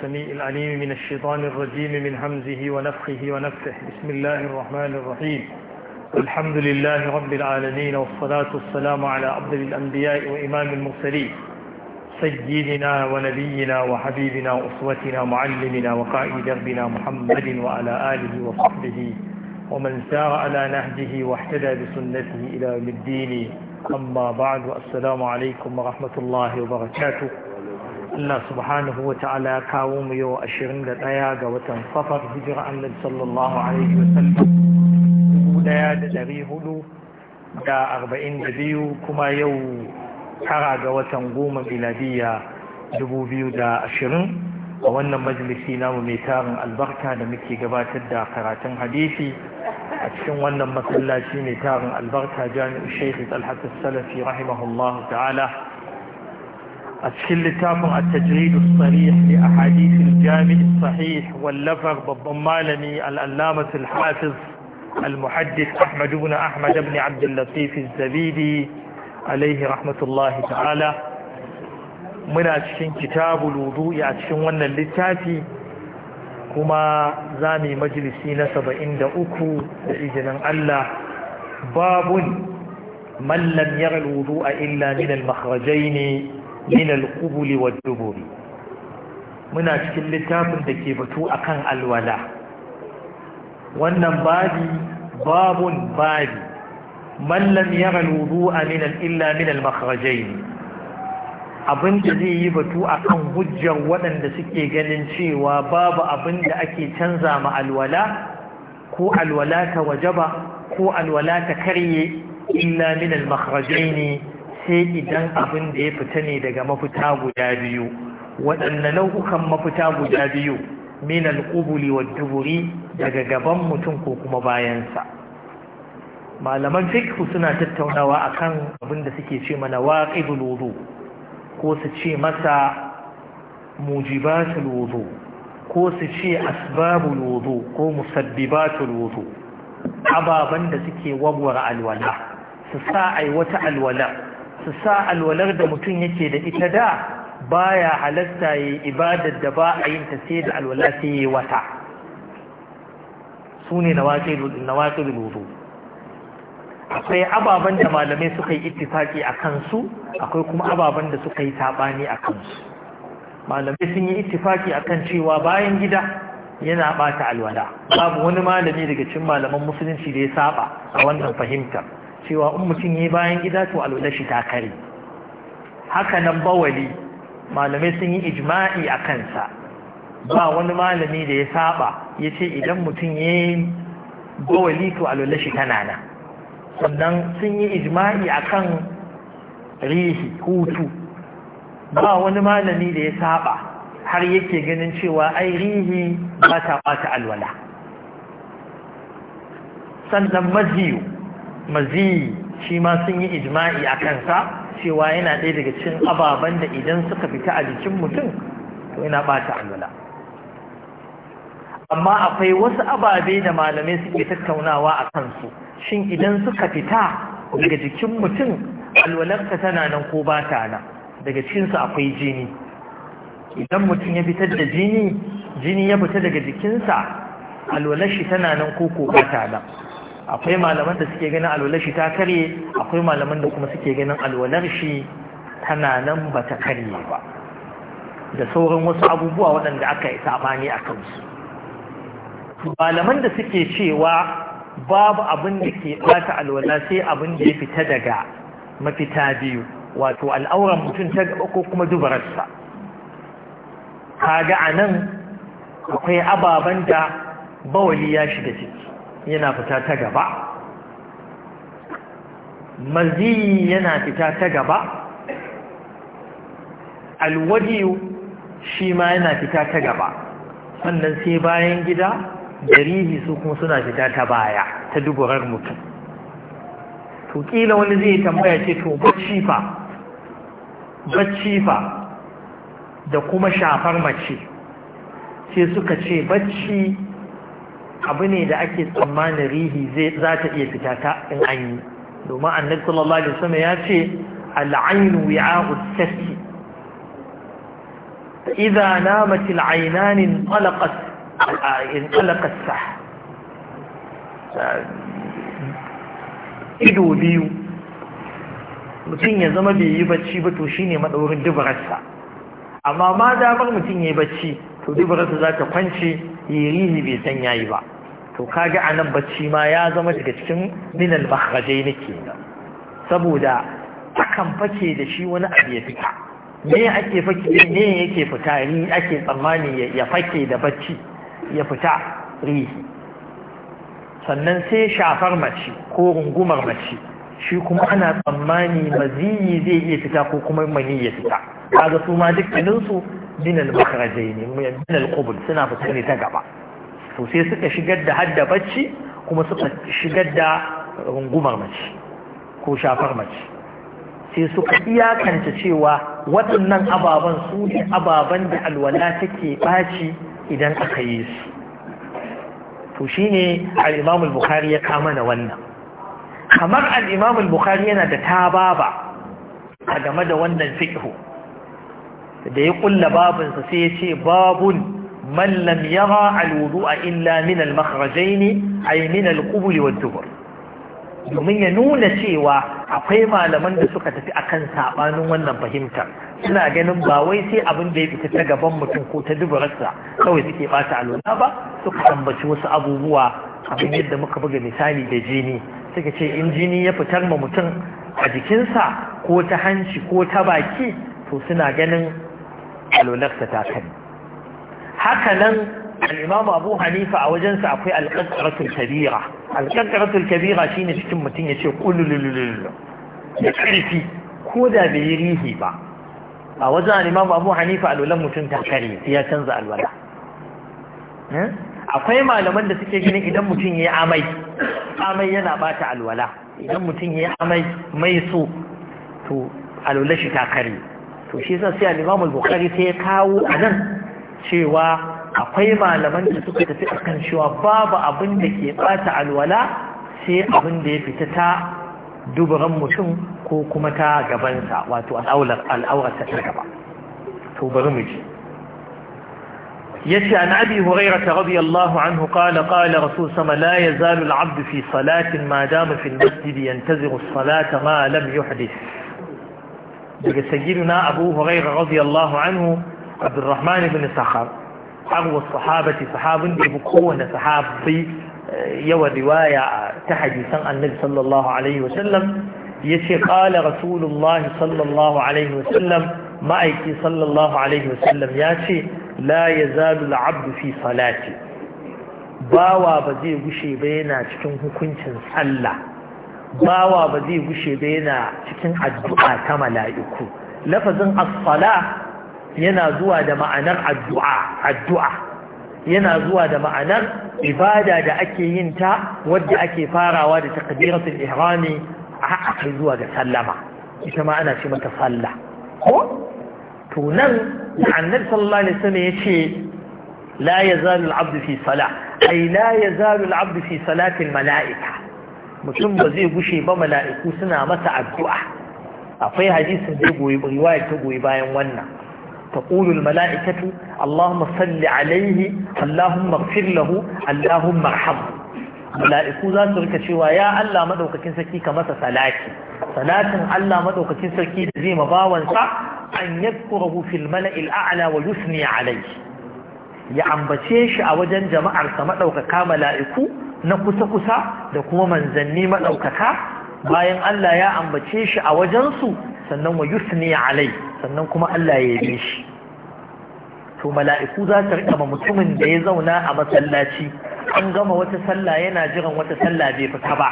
السميع العليم من الشيطان الرجيم من همزه ونفخه ونفسه بسم الله الرحمن الرحيم الحمد لله رب العالمين والصلاة والسلام على عبد الأنبياء وإمام المرسلين سيدنا ونبينا وحبيبنا وأسوتنا معلمنا وقائد دربنا محمد وعلى آله وصحبه ومن سار على نهجه واحتدى بسنته إلى يوم الدين أما بعد والسلام عليكم ورحمة الله وبركاته Allah subhanahu wa ta'ala ya kawo mu yau ashirin da ɗaya ga watan safar hijira annabi sallallahu alaihi wa sallam dubu ɗaya da ɗari hudu da arba'in da biyu kuma yau tara ga watan goma miladiya dubu biyu da ashirin a wannan majalisi namu mai tarin albarka da muke gabatar da karatun hadisi a cikin wannan masallaci mai tarin albarka jami'u shaikh talhat salafi rahimahullahu ta'ala a cikin littafin a tajridu sarih li a hadithin jami'in sahih wallafar babban malami al’allamatul hafiz al-muhaddis ahmadu na ahmad abin abdullatifin zabidi alaihi rahmatullahi ta'ala muna cikin kitabu ludu a cikin wannan littafi kuma za mu na saba'in da uku da izinin Allah babun mallan yar ludu a illa minal makarajai ne min al-qubuli wad-duburi muna cikin littafin da ke batu akan alwala wannan babi babun babi man lam yara wudu'a min illa min al-makhrajayn abin da zai yi batu akan hujjar waɗanda suke ganin cewa babu abin da ake canza ma alwala ko alwala ta wajaba ko alwala ta karye illa min al-makhrajayn sai idan abin da ya fita ne daga mafita guda biyu waɗanne nau'ukan mafita guda biyu min al wa duburi daga gaban mutum ko kuma bayansa malaman fiqh suna tattaunawa akan abin da suke ce mana waqibul wudu ko su ce masa mujibatul wudu ko su ce asbabul wudu ko musabbibatul wudu ababan da suke wagwara alwala su sa ai wata alwala su sa alwalar da mutum yake da ita da baya halatta yi ibadar da ba a yin ta sai da alwala sai yi wata su ne na wasu rubutu akwai ababen da malamai suka yi ittifaki a kansu akwai kuma ababen da suka yi tabani a kansu malamai sun yi ittifaki kan cewa bayan gida yana ɓata alwala babu wani malami daga cin malaman musulunci da ya saba a wannan fahimtar cewa in mutum ya yi bayan gida to alwala shi ta kare haka nan bawali malamai sun yi ijma'i a kansa ba wani malami da ya saba ya ce idan mutum ya yi bawali to alwala tana nan sannan sun yi ijma'i a kan rihi hutu ba wani malami da ya saba har yake ganin cewa ai rihi ba ta bata alwala sannan maziyu mazi shi ma sun yi ijma'i a kansa cewa yana ɗaya daga cikin ababen da idan suka fita a jikin mutum to yana ɓata alwala amma akwai wasu ababe da malamai suke tattaunawa a kansu shin idan suka fita daga jikin mutum alwalarsa tana nan ko ba ta nan daga cikinsu akwai jini idan mutum ya fitar da jini jini ya fita daga jikinsa alwalar shi tana nan ko ko ba ta nan akwai malaman da suke ganin alwalar shi ta karye akwai malaman da kuma suke ganin alwalar shi tana nan ba ta karye ba da sauran wasu abubuwa waɗanda aka yi saɓani a kansu malaman da suke cewa babu abin da ke ɓata alwala sai abin da ya fita daga mafita biyu wato al'auran mutum ta gaba ko kuma dubararsa kaga a nan akwai ababen da bawali ya shiga ciki yana fita ta gaba maziyi yana fita ta gaba alwadiyu shi ma yana fita ta gaba sannan sai bayan gida jarihi su kuma suna fita ta baya ta duburar mutum to kila wani zai tambaya ce to bacci fa bacci fa da kuma shafar mace sai suka ce bacci abu ne da ake tsammanin rihi za ta iya fita ta in an yi domin annabi sallallahu alaihi wasallam ya ce al'ainu wi'a'u sassi idza namat al'aynan inqalaqat inqalaqat sah ido biyu mutum ya zama bai yi bacci ba to shine madaurin dubararsa amma ma damar mutum ya yi bacci to dubararsa za ta kwance yirihi bai san yayi ba to kaga anan bacci ma ya zama daga cikin minal mahrajai nake saboda akan fake da shi wani abu ya fita me ake fake ne yake fita ni ake tsammani ya fake da bacci ya fita rihi sannan sai shafar mace ko rungumar mace shi kuma ana tsammani maziyi zai iya fita ko kuma mani ya fita kaga su ma dukkaninsu min al-makhrajain min al-qubul suna fita ne ta gaba to sai suka shigar da hadda bacci kuma suka shigar da rungumar mace ko shafar mace sai suka iyakanta cewa waɗannan ababen su ne ababen da alwala take ɓaci idan aka yi su to shine al-imam bukhari ya kama na wannan kamar al'imamul bukhari yana da tababa a game da wannan fiqh da ya kulla babinsa sai ya ce babun man lam yara a illa min al a yi min al wa dubur domin ya nuna cewa akwai malaman da suka tafi akan saɓanin wannan fahimtar suna ganin ba wai sai abin da ya fita ta gaban mutum ko ta duburarsa kawai suke bata alwala ba suka ambaci wasu abubuwa abin yadda muka buga misali da jini suka ce in jini ya fitar ma mutum a jikinsa ko ta hanci ko ta baki to suna ganin alwalarsa ta kari haka nan al'imam abu hanifa a wajensa akwai alƙaƙaratul kabira alƙaƙaratul kabira ne cikin mutum ya ce ƙululululu da ƙarfi ko da bai yi rihi ba a wajen al'imam abu hanifa alwalar mutum ta kare sai ya canza alwala eh? akwai malaman da suke ganin idan mutum ya yi amai amai yana bata alwala idan mutum ya yi amai mai so to alwalar shi ta kare to shi san sai al-Imam al-Bukhari sai ya kawo anan cewa akwai malaman da suka tafi akan cewa babu abin ke bata alwala sai abin ya fita ta dubaran mutum ko kuma ta gaban wato al ta gaba to bari mu yace an abi hurayra radiyallahu anhu qala qala rasul sama la yazalu al-abd fi salatin ma dama fi al-masjid yantaziru as-salata ma daga sayyiduna abu hurairah radiyallahu anhu abdurrahman ibn sakhar abu sahabati sahabun da kowane sahabi eh, yawa riwaya ta hadisan annabi sallallahu alaihi wasallam yace qala rasulullahi sallallahu alaihi wasallam ma'aiki sallallahu alaihi wasallam yace la yazalu al-abdu fi salati bawa ba zai gushe ba yana cikin hukuncin sallah bawa ba zai gushe ba yana cikin addu'a ta mala'iku lafazin as-sala yana zuwa da ma'anar addu'a yana zuwa da ma'anar ibada da ake yin ta wadda ake farawa da takbiratul ihrami a zuwa ga sallama ita ma ana ce mata sallah ko to nan annabi sallallahu alaihi wasallam yace la ya al-abdu fi salah ay la ya al-abdu fi salati al-mala'ika mutum ba zai gushe ba mala'iku suna masa addu'a akwai hadisin zai goyi riwaya ta goyi bayan wannan تقول الملائكة اللهم صل عليه اللهم اغفر له Allahumma ارحمه mala'iku za su rika cewa ya Allah maɗaukakin sarki ka masa salati salatin Allah maɗaukakin sarki da zai mabawansa an yadkurahu fil mala'il a'la wa yusni alai ya ambace shi a wajen jama'arsa maɗaukaka mala'iku na kusa-kusa da kuma manzanni maɗaukaka bayan Allah ya ambace shi a wajensu sannan wa yusni alai sannan kuma Allah ya yi shi to mala'iku za ta riƙa mutumin da ya zauna a masallaci an gama wata sallah yana jiran wata sallah bai fita ba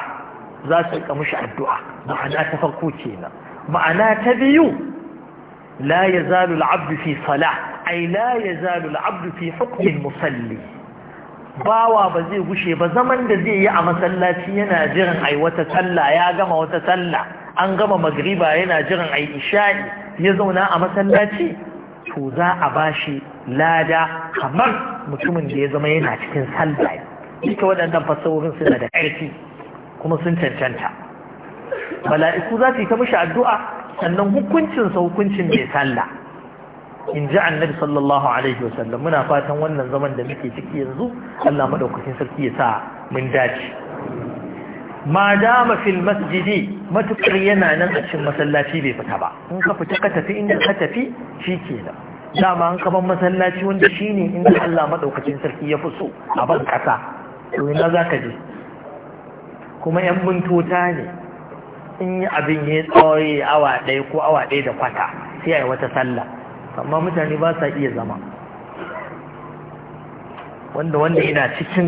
za su riƙa mushi addu'a ma'ana ta farko kenan ma'ana ta biyu la yazalu al-abdu fi salah ay la yazalu al-abdu fi hukmin musalli bawa ba zai gushe ba zaman da zai yi a masallaci yana jiran ai wata sallah ya gama wata sallah an gama magriba yana jiran ai isha'i ya zauna a masallaci to za a bashi lada kamar mutumin da ya zama yana cikin sallah ita waɗannan fasaurin suna da ƙarfi kuma sun cancanta bala'iku za su yi ta mishi addu'a sannan hukuncinsa hukuncin mai sallah in ji annabi sallallahu alaihi wasallam muna fatan wannan zaman da muke ciki yanzu Allah madaukakin sarki ya sa mun dace ma dama fil masjidi matukar yana nan a cikin masallaci bai fita ba in ka fita ka tafi inda ka tafi shikenan dama an kaban masallaci wanda shine inda Allah madaukakin sarki ya fi so a ban kasa to ina zaka je kuma yan buntota ne in yi abin ya tsaye awa ɗaya ko awa ɗaya da kwata sai a yi wata sallah amma mutane ba sa iya zama wanda wanda yana cikin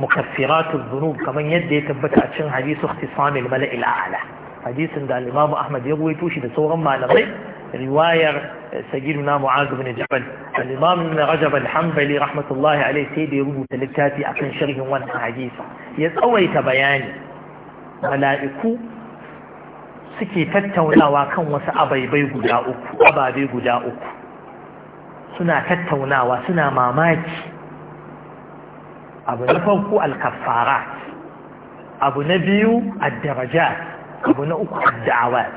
mukaffiratu zunub kamar yadda ya tabbata a cikin hadisu ikhtisamil mala'il a'la hadisin da al Ahmad ya ruwaito shi da sauran malamai riwayar eh, sayyiduna Mu'az ibn Jabal Alimamin imam Ibn Rajab rahmatullahi alayhi sai da ya rubuta littafi akan sharhin wannan hadisi ya tsawaita bayani mala'iku suke tattaunawa kan wasu ababai guda uku guda uku suna tattaunawa suna mamaki abu na farko alkafara abu na biyu addaraja abu na uku adda'awat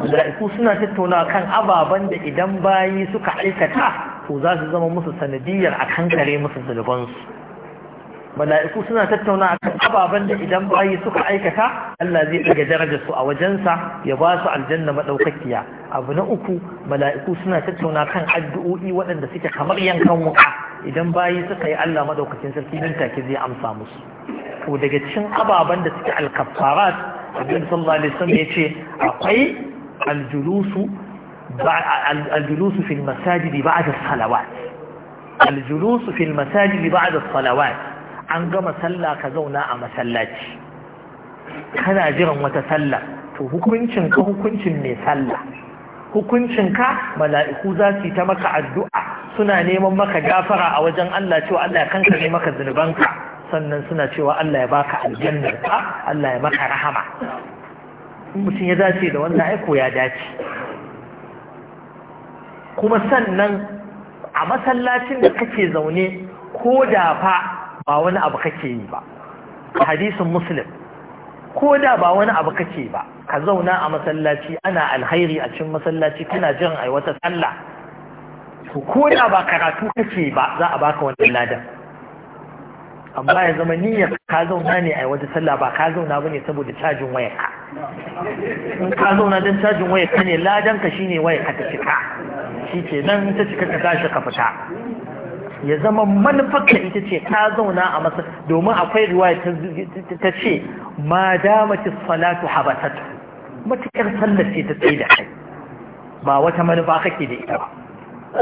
mala'iku suna tattaunawa kan ababen da idan bayi suka aikata to za su zama musu sanadiyar a kankare musu zulubansu mala'iku suna tattauna akan ababen da idan bayi suka aikata Allah zai daga darajar su a wajensa ya ba su aljanna madaukakiya abu na uku mala'iku suna tattauna kan addu'o'i waɗanda suke kamar yankan wuka idan bayi suka yi Allah madaukakin sarki nan take zai amsa musu to daga cikin ababen da suke alkafarat Abin sallallahu alaihi wasallam yace akwai aljulusu aljulusu fil masajidi ba'da salawat aljulusu fil masajidi ba'da salawat an gama sallah ka zauna a masallaci kana jiran wata sallah to hukuncin ka hukuncin mai sallah hukuncin ka mala'iku za su yi ta maka addu'a suna neman maka gafara a wajen Allah cewa Allah ya kanka ne maka zunubanka sannan suna cewa Allah ya baka aljannar Allah ya maka rahama mutum ya dace da wannan aiko ya dace kuma sannan a masallacin da kake zaune ko da fa ba wani abu kake yi ba hadisin muslim ko da ba wani abu kake ba ka zauna a masallaci ana alhairi a cikin masallaci kana jin ai wata sallah to ko da ba karatu kake ba za a baka wannan ladan amma ya zama niyyar ka zauna ne ai wata sallah ba ka zauna bane saboda cajin wayar ka in ka zauna don cajin wayar ka ne ladan ka shine wayar ka ta cika shikenan ta cika ka tashi ka fita ya zama manufarka ita ce ta zauna a masa domin akwai riwaya ta ce ma damati salatu habatat matukar sallar ce ta tsaye da kai ba wata manufa kake da ita ba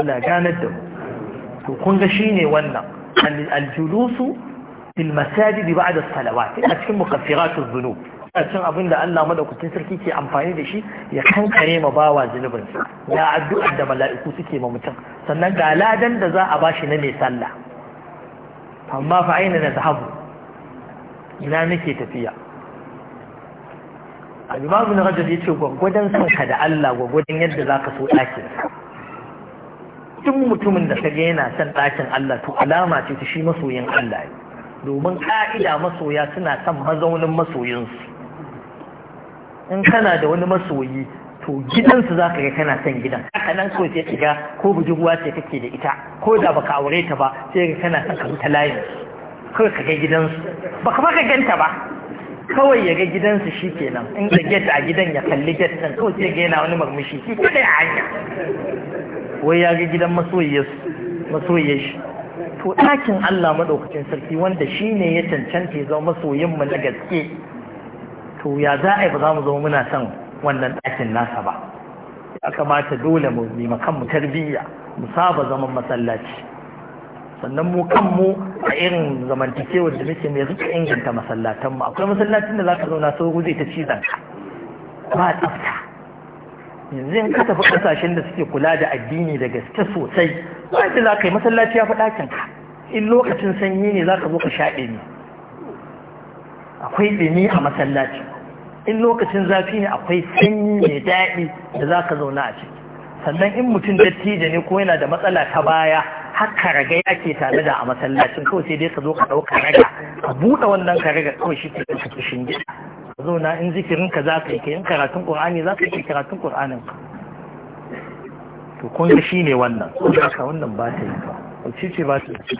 Allah ganar da to kun ga shine wannan aljulusu fil masajid ba'da salawat a cikin mukaffiratuz dhunub a cin abin da Allah madaukakin sarki ke amfani da shi ya kankare ma bawa zunubinsa ya addu'ar da mala'iku suke ma mutum sannan ga ladan da za a bashi na mai sallah amma fa aina na zahabu ina nake tafiya al babu na rajab ce, gwaggwadon sanka da Allah gwaggwadon yadda za ka so ɗakin Tun mutumin da ga yana son ɗakin Allah to alama ce ta shi masoyin Allah ne domin ƙa'ida masoya suna son mazaunin masoyinsu in kana da wani masoyi to gidansu za ka ga kana son gidan haka nan kawai sai ka ga ko budurwa ce kake da ita ko da baka aure ta ba sai ka kana son ka ta layin kawai ka ga gidansu ba ka ganta ba kawai ya ga gidansu shi kenan in da get a gidan ya kalli get ɗin kawai sai ga yana wani murmushi shi ka ya hanya wai ya ga gidan masoyiyar shi to ɗakin Allah maɗaukacin sarki wanda shi ne ya cancanta ya zama masoyinmu na gaske to ya za a yi ba za mu zama muna son wannan ɗakin nasa ba ya kamata dole mu yi ma mu tarbiyya mu saba zaman masallaci sannan mu kanmu a irin zamantakewar da muke mai suka inganta masallatan mu akwai masallacin da za ka zauna sauro zai ta cizon ka ba tsafta yanzu in ka tafi ƙasashen da suke kula da addini da gaske sosai ba da za ka yi masallaci ya fi ɗakin ka in lokacin sanyi ne za ka zo ka shaɗe ne akwai ɗimi a masallaci in lokacin zafi ne akwai sanyi mai daɗi da za ka zauna a ciki sannan in mutum dattijo ne ko yana da matsala ta baya haka raga ake tare da a masallacin kawai sai dai ka zo ka ɗauka raga ka buɗe wannan ka raga kawai shi ke ka kishin gida ka zauna in zikirin ka za ka yi in karatun ƙur'ani za ka yi karatun ƙur'anin ka to kun ga shi ne wannan ko da ka wannan ba ta yi ba ce ce ba ta yi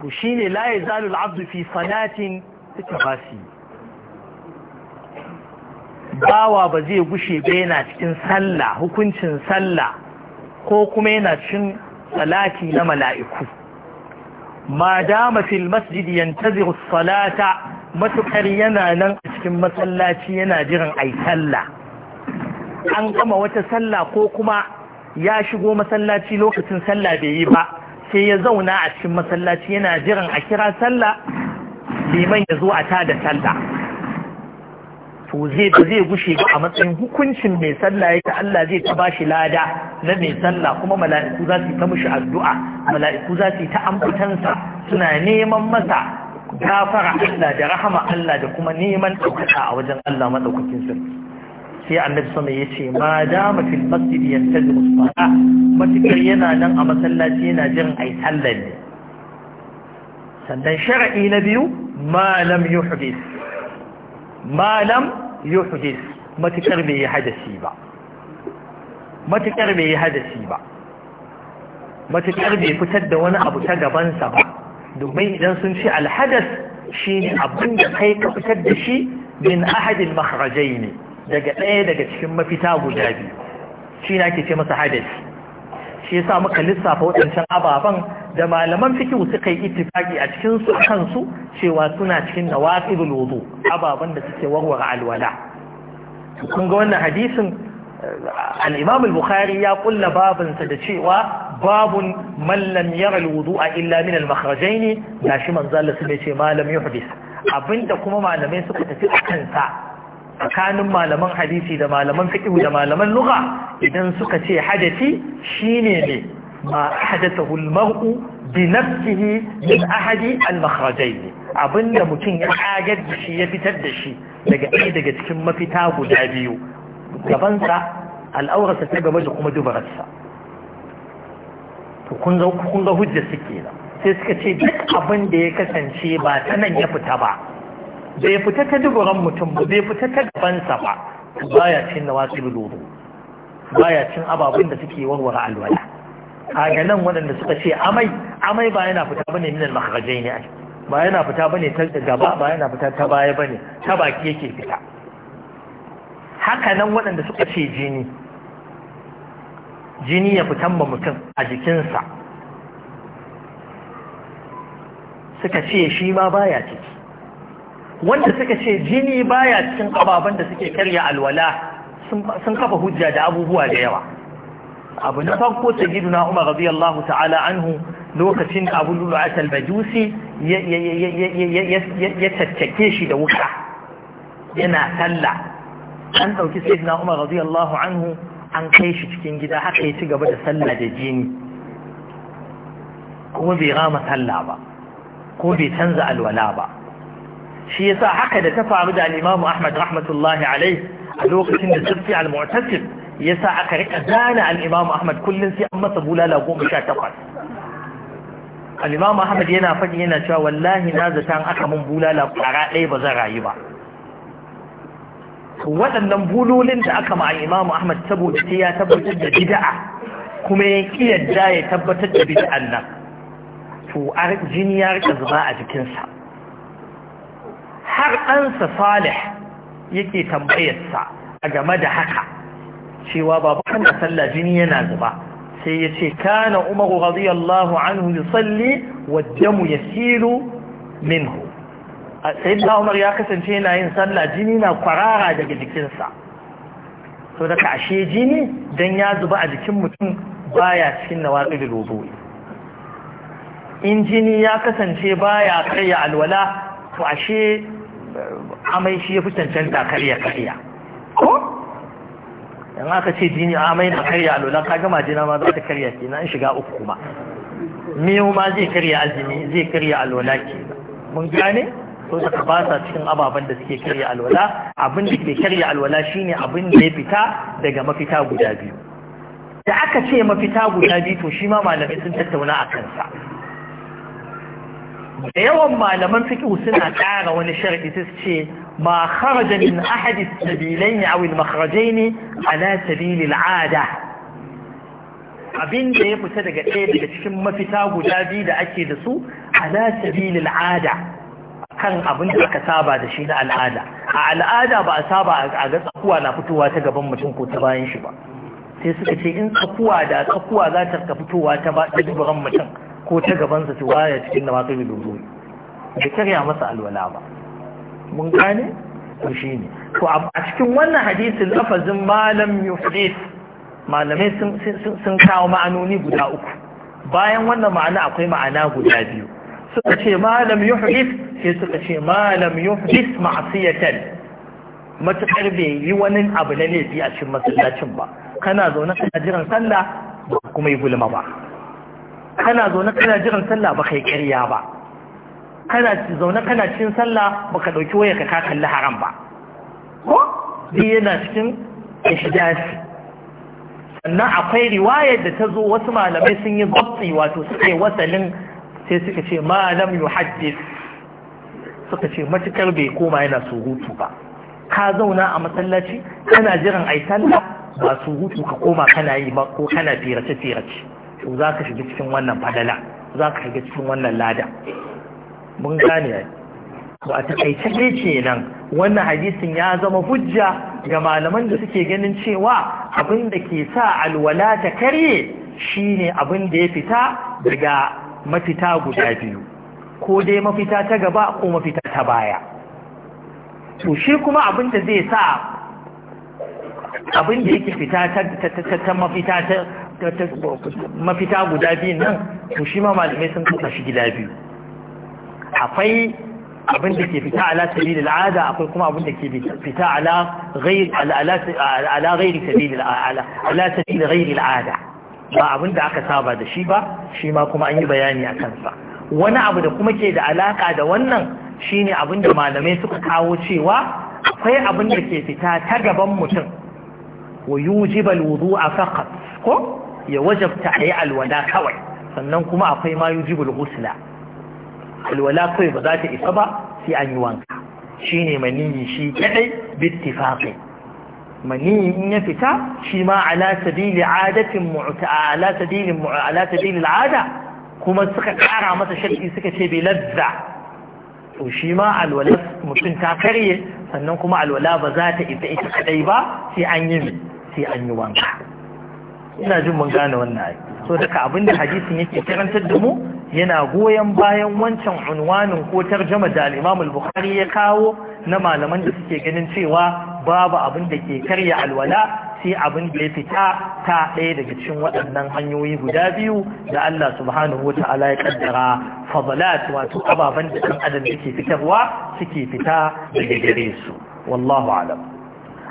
to shi ne la ya zalu al'abdu fi sanatin suka ba su bawa ba zai gushe ba yana cikin sallah hukuncin sallah ko kuma yana cikin salati na mala'iku ma dama fil masjid yantaziru salata matukar yana nan a cikin masallaci yana jiran ai sallah an gama wata sallah ko kuma ya shigo masallaci lokacin sallah bai yi ba sai ya zauna a cikin masallaci yana jiran a kira sallah liman ya zo a ta da sallah to zai zai gushe a matsayin hukuncin mai sallah yake Allah zai ta bashi lada na mai sallah kuma mala'iku za su ta mishi addu'a mala'iku za su ta ambutansa suna neman masa gafara Allah da rahama Allah da kuma neman ɗaukaka a wajen Allah madaukakin sarki sai annabi sama ya ce ma dama fil masjid yantazi musfara matakar yana nan a masallaci yana jin ai sallar ne sannan shara'i na biyu Malam lam yuhdis Malam yuhdis matukar hadasi ba matukar bai hadasi ba matukar mai fitar da wani abu ta gabansa ba domin idan sun ce alhadas shi ne abin da kai ka fitar da shi min ahadin maharajai ne daga ɗaya daga cikin mafita guda biyu shi na ke ce masa hadasi shi ya sa muka lissafa waɗancan ababen da malaman fikihu suka yi ittifaki a cikin su kansu cewa suna cikin nawaqidul wudu ababan da suke warware alwala kun ga wannan hadisin eh, al-Imam al-Bukhari ya kulla babin sa da cewa babun man lam yara al illa min al-makhrajayn gashi manzo Allah sai ce malam yuhdis abinda kuma malamai suka tafi akan sa tsakanin malaman hadisi da malaman fiqh da malaman lugha idan suka ce hadati shine ne ma ahdathahu al-mar'u bi nafsihi min ahadi al-makhrajayn abinda mutum ya kagar da shi ya fitar da shi daga ɗaya daga cikin mafita guda biyu gabansa al'aurarsa ta gaba da kuma dubararsa kun ga hujjar suke kenan sai suka ce duk abin da ya kasance ba ta nan ya fita ba bai fita ta duburan mutum ba bai fita ta gabansa ba baya cin na wasu baya cin ababen da suke warware alwala kaga nan waɗanda suka ce amai amai ba yana fita bane min al ne ne ba yana fita bane ta gaba ba yana fita ta baya bane ta baki yake fita haka nan waɗanda suka ce jini jini ya fitan ba mutum a jikinsa suka ce shi ma baya ciki wanda suka ce jini baya cikin ababen da suke karya alwala sun kafa hujja da abubuwa da yawa abu na farko sayyiduna Umar radiyallahu ta'ala anhu lokacin Abu Lu'at al-Majusi ya tattake shi da wuka yana sallah an dauki sayyiduna Umar radiyallahu anhu an kai shi cikin gida haka ya ci gaba da sallah da jini kuma bai rama sallah ba ko bai canza alwala ba shi yasa haka da ta faru da al Ahmad rahmatullahi alaihi a lokacin da Sufyan al-Mu'tasim yasa aka rika gane al Ahmad kullum sai an masa bulala sha takwas. imam Ahmad yana faɗi yana cewa wallahi na zata an aka mun bulala fara ɗaya ba zan rayu ba waɗannan bululin da aka ma al Ahmad saboda sai ya tabbatar da bid'a kuma ya yarda ya tabbatar da bid'an nan to jini ya rika zuba a jikinsa har ansa Salih yake tambayarsa a game da haka cewa babu da sallah jini yana zuba sai ya ce kana umaru radiyallahu anhu yusalli wa ya yasilu minhu sayyidina umar ya kasance yana yin sallah jini na kwarara daga jikinsa so daga ashe jini dan ya zuba a jikin mutum baya cikin nawaqidul wudu'i in jini ya kasance baya karya alwala to ashe eh, amai shi ya fi cancanta karya karya in aka ce jini a amai na karya alwala ka gama jina ma za ta karya ke na shiga uku kuma miyo ma zai karya azumi zai karya lola ke mun gane ko saka ka basa cikin ababen da suke karya alwala abin da ke karya alwala shine abin da ya fita daga mafita guda biyu da aka ce mafita guda biyu to shi ma malamai sun tattauna a kansa da yawan malaman fiqh suna ƙara wani sharadi su ce ما خرج من أحد السبيلين أو المخرجين على سبيل العادة abin da ya fita daga ɗaya daga cikin mafita guda biyu da ake da su ala sabilil al'ada. kan abin da aka saba da shi na al'ada a al'ada ba a saba a ga tsakuwa na fitowa ta gaban mutum ko ta bayan shi ba sai suka ce in tsakuwa da tsakuwa za ta fitowa ta ba ta dubaran mutum ko ta gabansa ta waya cikin da masu da da karya masa alwala ba mun gane to ne. to a cikin wannan hadisin lafazin malam yuflis malamai sun kawo ma'anoni guda uku bayan wannan ma'ana akwai ma'ana guda biyu suka ce malam yuhdis sai suka ce malam yuhdis ma'siyatan matukar bai yi wani abu na laifi a cikin masallacin ba kana zaune kana jiran sallah ba kuma yi gulma ba kana zaune kana jiran sallah ba kai ƙarya ba kana zaune kana cikin sallah baka dauki waya ka ka kalli haram ba ko dai yana cikin ihdasi sannan akwai riwayar da ta zo wasu malamai sun yi gwabtsi wato suka yi wasalin sai suka ce malam yuhaddis suka ce matukar bai koma yana surutu ba ka zauna a masallaci kana jiran ai sallah ba surutu ka koma kana yi ba ko kana firace firace to za ka shiga cikin wannan fadala za ka shiga cikin wannan lada mun gane to a takaice ne kenan wannan hadisin ya zama hujja ga malaman da suke ganin cewa abin da ke sa alwala ta karye shine abin da ya fita daga mafita guda biyu ko dai mafita ta gaba ko mafita ta baya to shi kuma abin da zai sa abin da yake fita ta mafita guda biyu nan to shi ma malamai sun kasa shi gida biyu akwai abin da ke fita ala sabilil al'ada akwai kuma abin da ke fita ala ghairi ala ghairi ala ala sabilil ghairi al'ada ba abin da aka saba da shi ba shi ma kuma an yi bayani a kansa wani abu da kuma ke da alaka da wannan shi ne abin da malamai suka kawo cewa akwai abin da ke fita ta gaban mutum wa yujibal wudu'a faqat ko ya wajabta yi alwada kawai sannan kuma akwai ma yujibul ghusla alwala kawai ba za ta isa ba sai an yi wanka shi ne maniyi shi kadai bittifaƙi maniyi in ya fita shi ma ala sabili adatin ala sabili ala sabili al'ada kuma suka kara masa shar'i suka ce bi lazza to shi ma alwala mutum ta karye sannan kuma alwala ba za ta isa ita kadai ba sai an yi sai an yi wanka ina jin mun gane wannan ai so duka abinda hadisin yake karantar da mu yana goyon bayan wancan unwanin ko tarjama da al bukhari ya kawo na malaman da suke ganin cewa babu abin da ke karya alwala sai abin da ya fita ta ɗaya daga cikin waɗannan hanyoyi guda biyu da Allah subhanahu wa ta'ala ya kaddara fadalat wato ababen da kan adam yake fitarwa suke fita daga gare su wallahu alam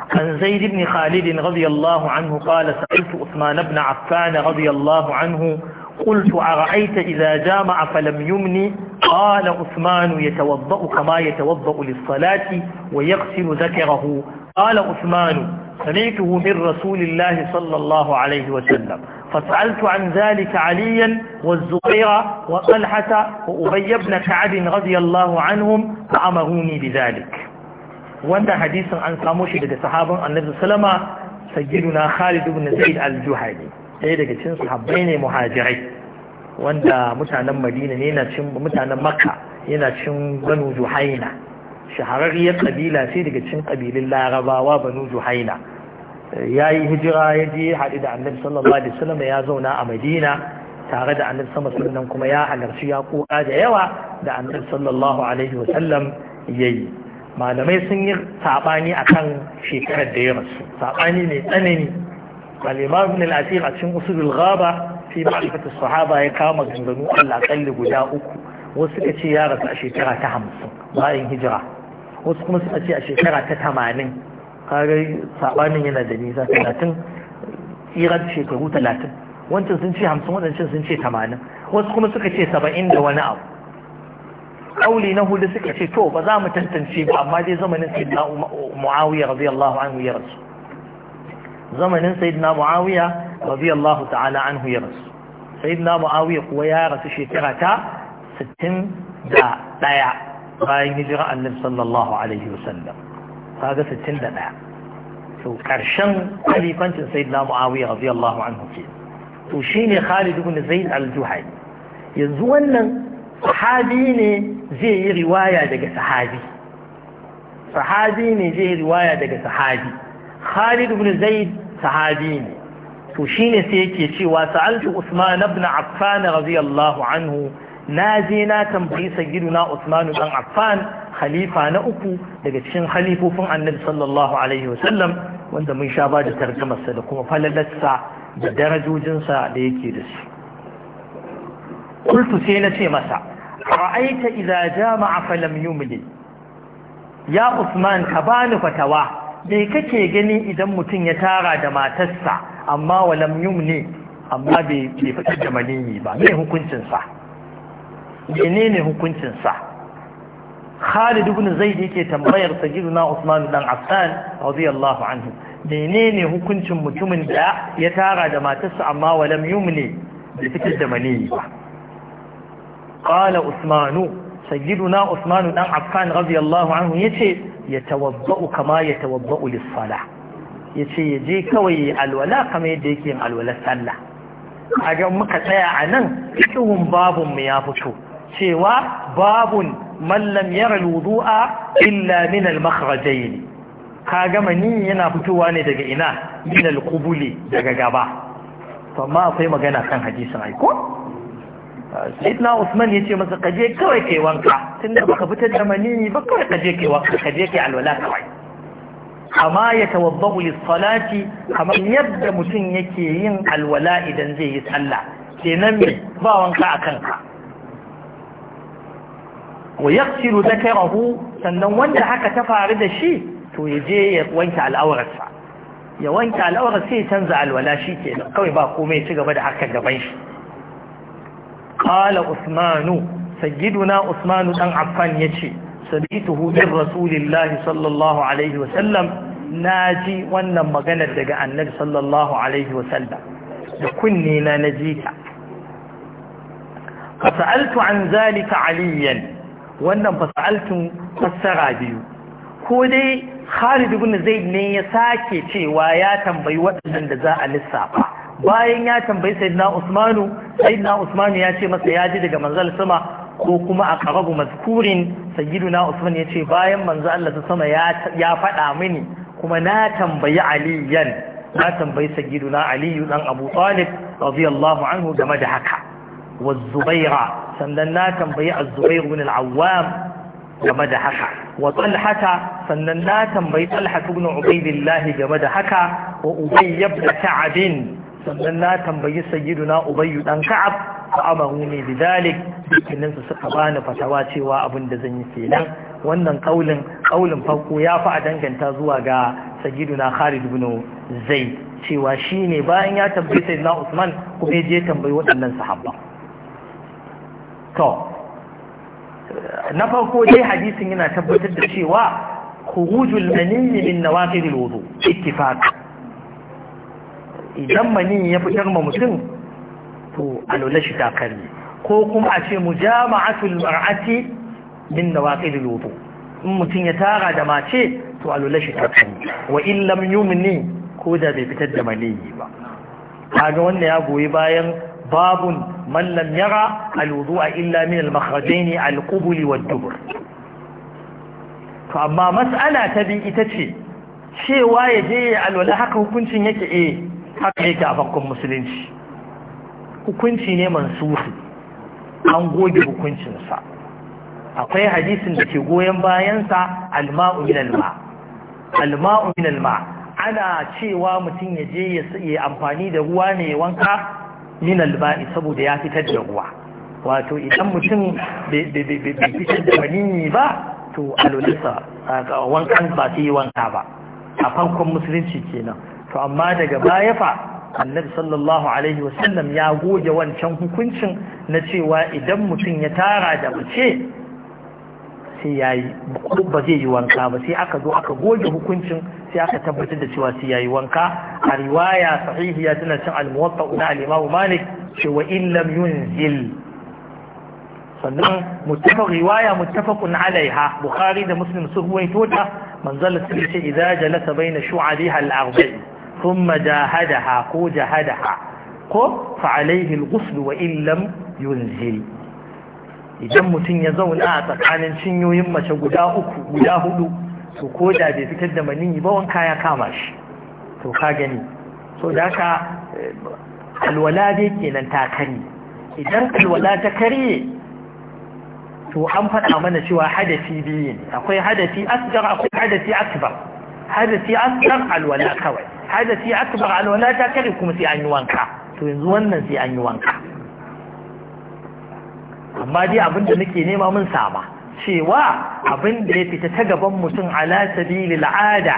عن زيد بن خالد رضي الله عنه قال سألت عثمان بن عفان رضي الله عنه قلت أرأيت إذا جامع فلم يمني قال عثمان يتوضأ كما يتوضأ للصلاة ويغسل ذكره قال عثمان سمعته من رسول الله صلى الله عليه وسلم فسألت عن ذلك عليا والزبير وطلحة وأبي بن كعب رضي الله عنهم فأمروني بذلك وانت حديث عن ساموش لدى صحابة النبي صلى الله عليه وسلم سيدنا خالد بن زيد الجهني ɗaya daga cin sahabbai ne muhajirai wanda mutanen madina ne na cin mutanen makka yana cin banu juhaina shahararriyar kabila ce daga cin kabilun larabawa banu juhaina ya yi hijira ya je haɗu da annabi sallallahu alaihi wasallam ya zauna a madina tare da annabi sama wasallam kuma ya halarci ya koka da yawa da annabi sallallahu alaihi wasallam ya malamai sun yi saɓani akan shekarar da ya rasu saɓani ne tsanani al-imam al-asir a cikin usulul ghaba fi ma'rifatu sahaba ya kama ganganu Allah kalli guda uku wasu suka ce ya rasu a shekara ta hamsin bayan hijira wasu kuma suka ce a shekara ta tamanin kare sabanin yana da nisa talatin tsirar shekaru talatin wancan sun ce hamsin wancan sun ce tamanin wasu kuma suka ce saba'in da wani abu ƙauli na hudu suka ce to ba za mu tantance ba amma dai zamanin sayyidina muawiya radiyallahu anhu ya rasu zamanin sayyidina muawiya radiyallahu ta'ala anhu ya rasu sayyidina muawiya kuwa ya rasu shekara ta 61 bayan hijira annabi sallallahu alaihi wasallam kaga 61 to karshen khalifancin sayyidina muawiya radiyallahu anhu ke to shine Khalid ibn Zaid al-Juhani yanzu wannan sahabi ne zai yi riwaya daga sahabi sahabi ne zai yi riwaya daga sahabi Khalid ibn Zaid sahabi ne to shine sai yake cewa sa'altu Usman ibn Affan radiyallahu anhu na je na tambayi sayyiduna Usman ibn Affan khalifa na uku daga cikin khalifofin Annabi sallallahu alaihi wasallam wanda mun sha bada da tarjumarsa da kuma falalarsa da darajojinsa da yake da su sai na قلت سينتي مسا رأيت إذا جامع فلم ya Usman ka bani فتواه me kake gani idan mutum ya tara da matarsa amma walam yumni amma bai fitar da maniyi ba me hukuncinsa menene hukuncinsa Khalid ibn Zaid yake tambayar na Usman dan Affan radiyallahu anhu menene hukuncin mutumin da ya tara da matarsa amma walam yumni bai fitar da maniyi ba qala Usmanu sayyiduna Usman dan Affan radiyallahu anhu yace ya tawabba'u kama ya tawabba'u lissala ya ce ya je kawai alwala kama yadda yake yin alwala sallah a ga muka tsaya a nan cikin babun mu ya fito cewa babun mallam yara wudu'a illa minal al ne ka gama ni yana fitowa ne daga ina minal kubule daga gaba to amma akwai magana kan hadisin aiko sayyidina Usman yace masa kaje kawai kai wanka tunda baka fita da manini ba kawai kaje kai wanka kaje kai alwala kawai Amma ya tawabbahu lis-salati kamar yadda mutum yake yin alwala idan zai yi sallah kenan me ba wanka a kanka wa yaghsilu dhakarahu sannan wanda haka ta faru da shi to yaje ya wanke al'awarsa ya wanke al'awarsa sai ya canza alwala shi kenan kawai ba komai ci gaba da hakan gaban shi qala usmanu sayyiduna usmanu ɗan affan yace sabituhu min rasulillahi sallallahu alaihi wa na naji wannan maganar daga annabi sallallahu alaihi sallam da kunne na naji ta fasaltu an zalika aliyan wannan fasaltun fassara biyu ko dai Khalid ibn Zaid ne ya sake cewa ya tambayi waɗannan da za a lissafa bayan ya tambayi sayyidina usmanu sayyidina usmanu ya ce masa ya ji daga manzal sama ko kuma a karabu mazkurin na usman ya ce bayan manzo Allah ta sama ya faɗa mini kuma na tambayi aliyan na tambayi na aliyu dan abu talib radiyallahu anhu game da haka wa zubaira sannan na tambayi az-zubair ibn al-awwam game da haka wa talhata sannan na tambayi talha ibn ubaidillah game da haka wa ubay ibn ka'ab sannan na tambayi na ubayyu dan ka'ab fa amaru ne bidalik dukkanin su suka bani fatawa cewa abin da zan yi kenan wannan kaulin kaulin farko ya fi a danganta zuwa ga sayyiduna Khalid ibn Zaid cewa shine bayan ya tambayi sayyiduna Usman kuma ya je tambayi waɗannan sahabba to na farko dai hadisin yana tabbatar da cewa khurujul maniyyi min nawaqidil wudu ittifaq idan mani ya fitar ma mutum to alwala shi ta karye ko kuma a ce mujama'atul mar'ati min nawaqidil wudu in mutum ya tara da mace to alwala shi ta karye wa in lam ko da bai fitar da maniyi ba kaga wannan ya goyi bayan babun man lam yara a illa min al-makhrajaini al-qubul wad-dubur to amma mas'ala ta bi ita ce cewa ya je alwala haka hukuncin yake eh haka yake a farkon musulunci hukunci ne mansuhi an goge hukuncinsa akwai hadisin da ke goyon bayansa alma'u min alma alma'u min alma ana cewa mutum ya je ya amfani da ruwa ne wanka min alba'i saboda ya fitar da ruwa wato idan mutum bai fitar da manini ba to alulisa wankan ba su yi wanka ba a farkon musulunci kenan to amma daga baya fa annabi sallallahu alaihi wasallam ya goge wancan hukuncin na cewa idan mutum ya tara da mace sai ya yi ba zai yi wanka ba sai aka zo aka goge hukuncin sai aka tabbatar da cewa sai ya wanka a riwaya ya tana cin almuwatta na alimamu malik cewa in lam yunzil sannan mutafa riwaya muttafaqun alaiha bukhari da muslim sun ruwaito ta manzal sai ce idza jalasa baina shu'abiha al-arba'i ثم جاهدها كو جاهدها كو فعليه الغسل وإن لم ينزل mutum ya zauna a tsakanin شنو mace guda uku, guda hudu, to ko da bai fitar da maniyi ba wanka ya kama shi to ka gani so da ka eh, alwala dai kenan ta kare idan alwala ta kare to an faɗa mana cewa hadafi biyu ne akwai hadafi asgar akwai hadafi akbar hadafi asgar alwala kawai hadasi bar alwala ta kare kuma sai an yi wanka to yanzu wannan sai an yi wanka amma dai abin da nake nema mun sama cewa abin da ya fita ta gaban mutum ala sabilil ada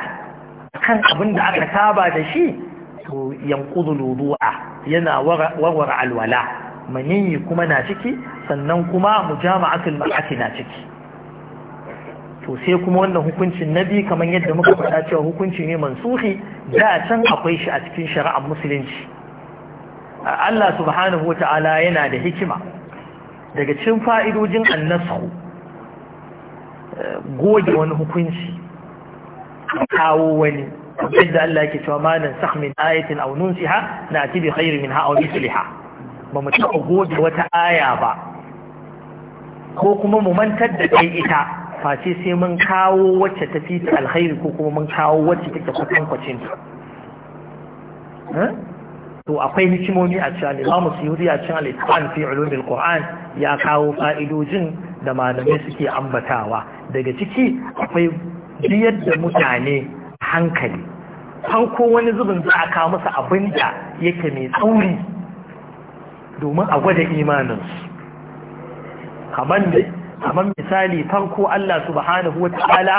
kan abin da aka saba da shi to yanqudu wudu'a yana warware alwala maniyi kuma na ciki sannan kuma mujama'atul mar'ati na ciki to sai kuma wannan hukuncin na biyu kamar yadda muka faɗa cewa hukunci ne mansuhi da can akwai shi a cikin shari'ar musulunci Allah subhanahu wa ta'ala yana da hikima daga cikin fa'idojin annasu goge wani hukunci kawo wani yadda Allah yake cewa ma nan sakh min ayatin aw nunsiha na'ti bi khairin minha aw misliha ba mu taɓa goge wata aya ba ko kuma mu mantar da kai ita face sai mun kawo wacce ta fi ta alkhairi ko kuma mun kawo wacce ta take kwacin ta eh? to akwai hikimomi a cikin al'imamu suyuri a cikin al'isfan fi ulumin qur'an ya kawo fa'idojin da malamai suke ambatawa daga ciki akwai biyar da mutane hankali farko wani zubin za a kawo masa abin da yake mai tsauri domin a gwada imaninsu kamar da kamar misali farko Allah subhanahu ta'ala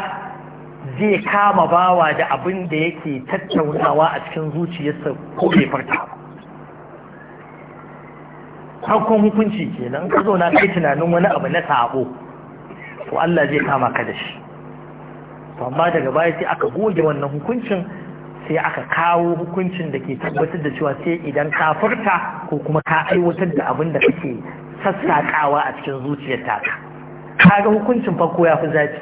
zai kama bawa da abin da yake tattaunawa a cikin zuciyarsa ko bai farta farkon hukunci kenan ka zo na kai tunanin wani abu na sabo to Allah zai kama ka da shi to amma daga baya sai aka goge wannan hukuncin sai aka kawo hukuncin da ke tabbatar da cewa sai idan ka furta ko kuma ka aiwatar da abin da kake sassaƙawa a cikin zuciyar taka kaga hukuncin farko ya fi zafi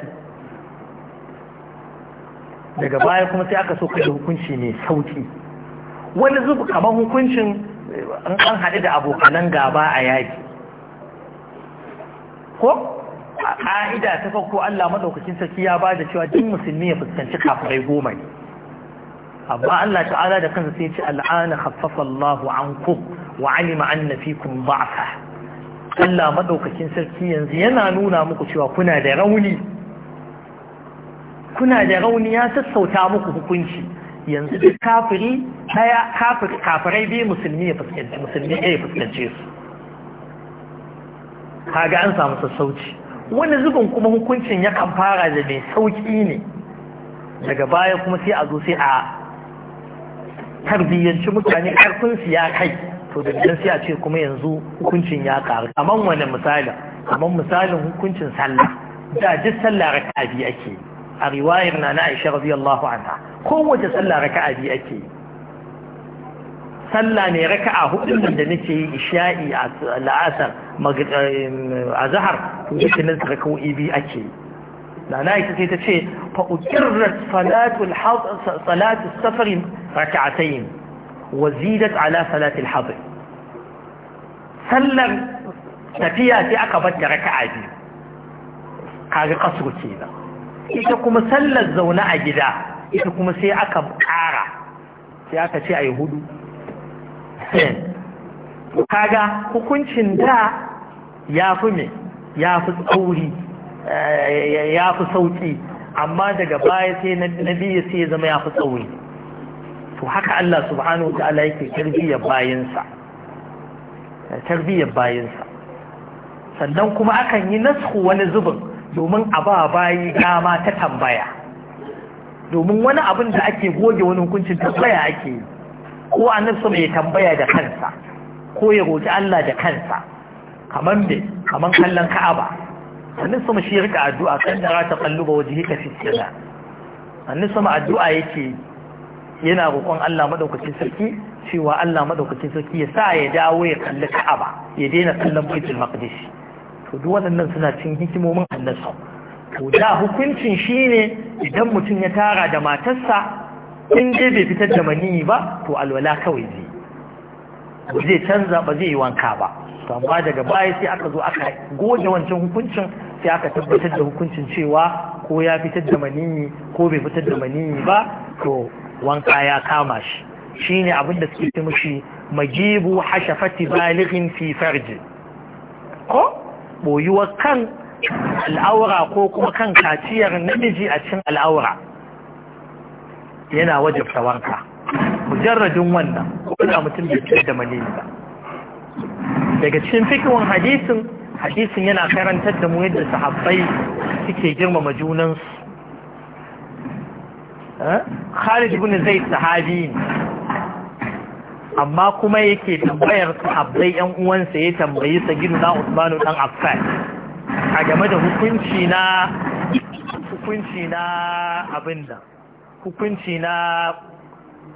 daga baya kuma sai aka so kai da hukunci mai sauki wani zuba kamar hukuncin an kan haɗu da abokanan gaba a yaki ko a ƙa'ida ta farko Allah maɗaukacin sarki ya ba da cewa duk musulmi ya fuskanci kafirai goma ne amma Allah ta'ala da kansa sai ya ce al'ana khaffafa Allahu ankum wa alima anna fikum Allah maɗaukakin sarki yanzu yana nuna muku cewa kuna da rauni kuna da rauni ya sassauta muku hukunci yanzu duk kafiri ɗaya kafirai biyu musulmi ya fuskanci musulmi ɗaya fuskance su kaga an samu sassauci wani zubin kuma hukuncin yakan fara da mai sauƙi ne daga baya kuma sai a zo sai a tarbiyyanci mutane ƙarfinsu ya kai to da nan sai a ce kuma yanzu hukuncin ya karu kamar wani misalin kamar misalin hukuncin sallah da duk sallah raka'a biyu ake a riwayar na na Aisha radiyallahu anha kowace sallah raka'a biyu ake yi sallah ne raka'a hudun da nake yi isha'i a la'asar a eh, zahar to dukkanin su raka'o'i biyu ake yi na na ita sai ta ce fa ukirrat salatu safari raka'atayn Wazirat ala salatil hadr sallar tafiya sai aka bar raka raka'a biyu kaga kasru kenan ita kuma sallar zaune a gida ita kuma sai aka ƙara sai aka ce ayi hudu kaga hukuncin da ya fi me ya fi tsauri ya fi sauki amma daga baya sai na biyu sai ya zama ya fi tsauri to haka Allah subhanahu wa ta'ala yake tarbiyyar bayansa tarbiyyar bayansa sannan kuma akan yi nasku wani zubin domin a ba bayi dama ta tambaya domin wani abin da ake goge wani hukuncin tambaya ake yi ko nasu mai tambaya da kansa ko ya roƙi Allah da kansa kamar me kamar kallon ka'aba sannan sama shi rika addu'a kan da rata kalluba wajen hika fi sirra annabsa mai addu'a yake yi yana roƙon Allah madaukakin sarki cewa Allah madaukakin sarki ya sa ya dawo ya kalli Ka'aba ya daina kallon Baitul Maqdis to duk waɗannan suna cin hikimomin Annabi to da hukuncin shine idan mutum ya tara da matarsa in dai bai fitar da maniyi ba to alwala kawai zai zai canza ba zai yi wanka ba to amma daga baya sai aka zo aka goge wancan hukuncin sai aka tabbatar da hukuncin cewa ko ya fitar da maniyi ko bai fitar da maniyi ba to wanka ya kama shi ne abin da suke ce mishi majibu hashafati balighin fi farji ko boyuwa kan al'aura ko kuma kan kaciyar namiji a cikin al'aura yana wajabta wanka mujarradin wannan ko kuma mutum da ke da manini ba daga cikin fikirin hadisin hadisin yana karantar da mu yadda sahabbai suke girmama junansu eh? Khalid ibn Zaid sahabi ne amma kuma yake tambayar sahabbai yan uwansa ya tambayi sagidu na Usmanu dan Affan a game da hukunci na hukunci na abinda hukunci na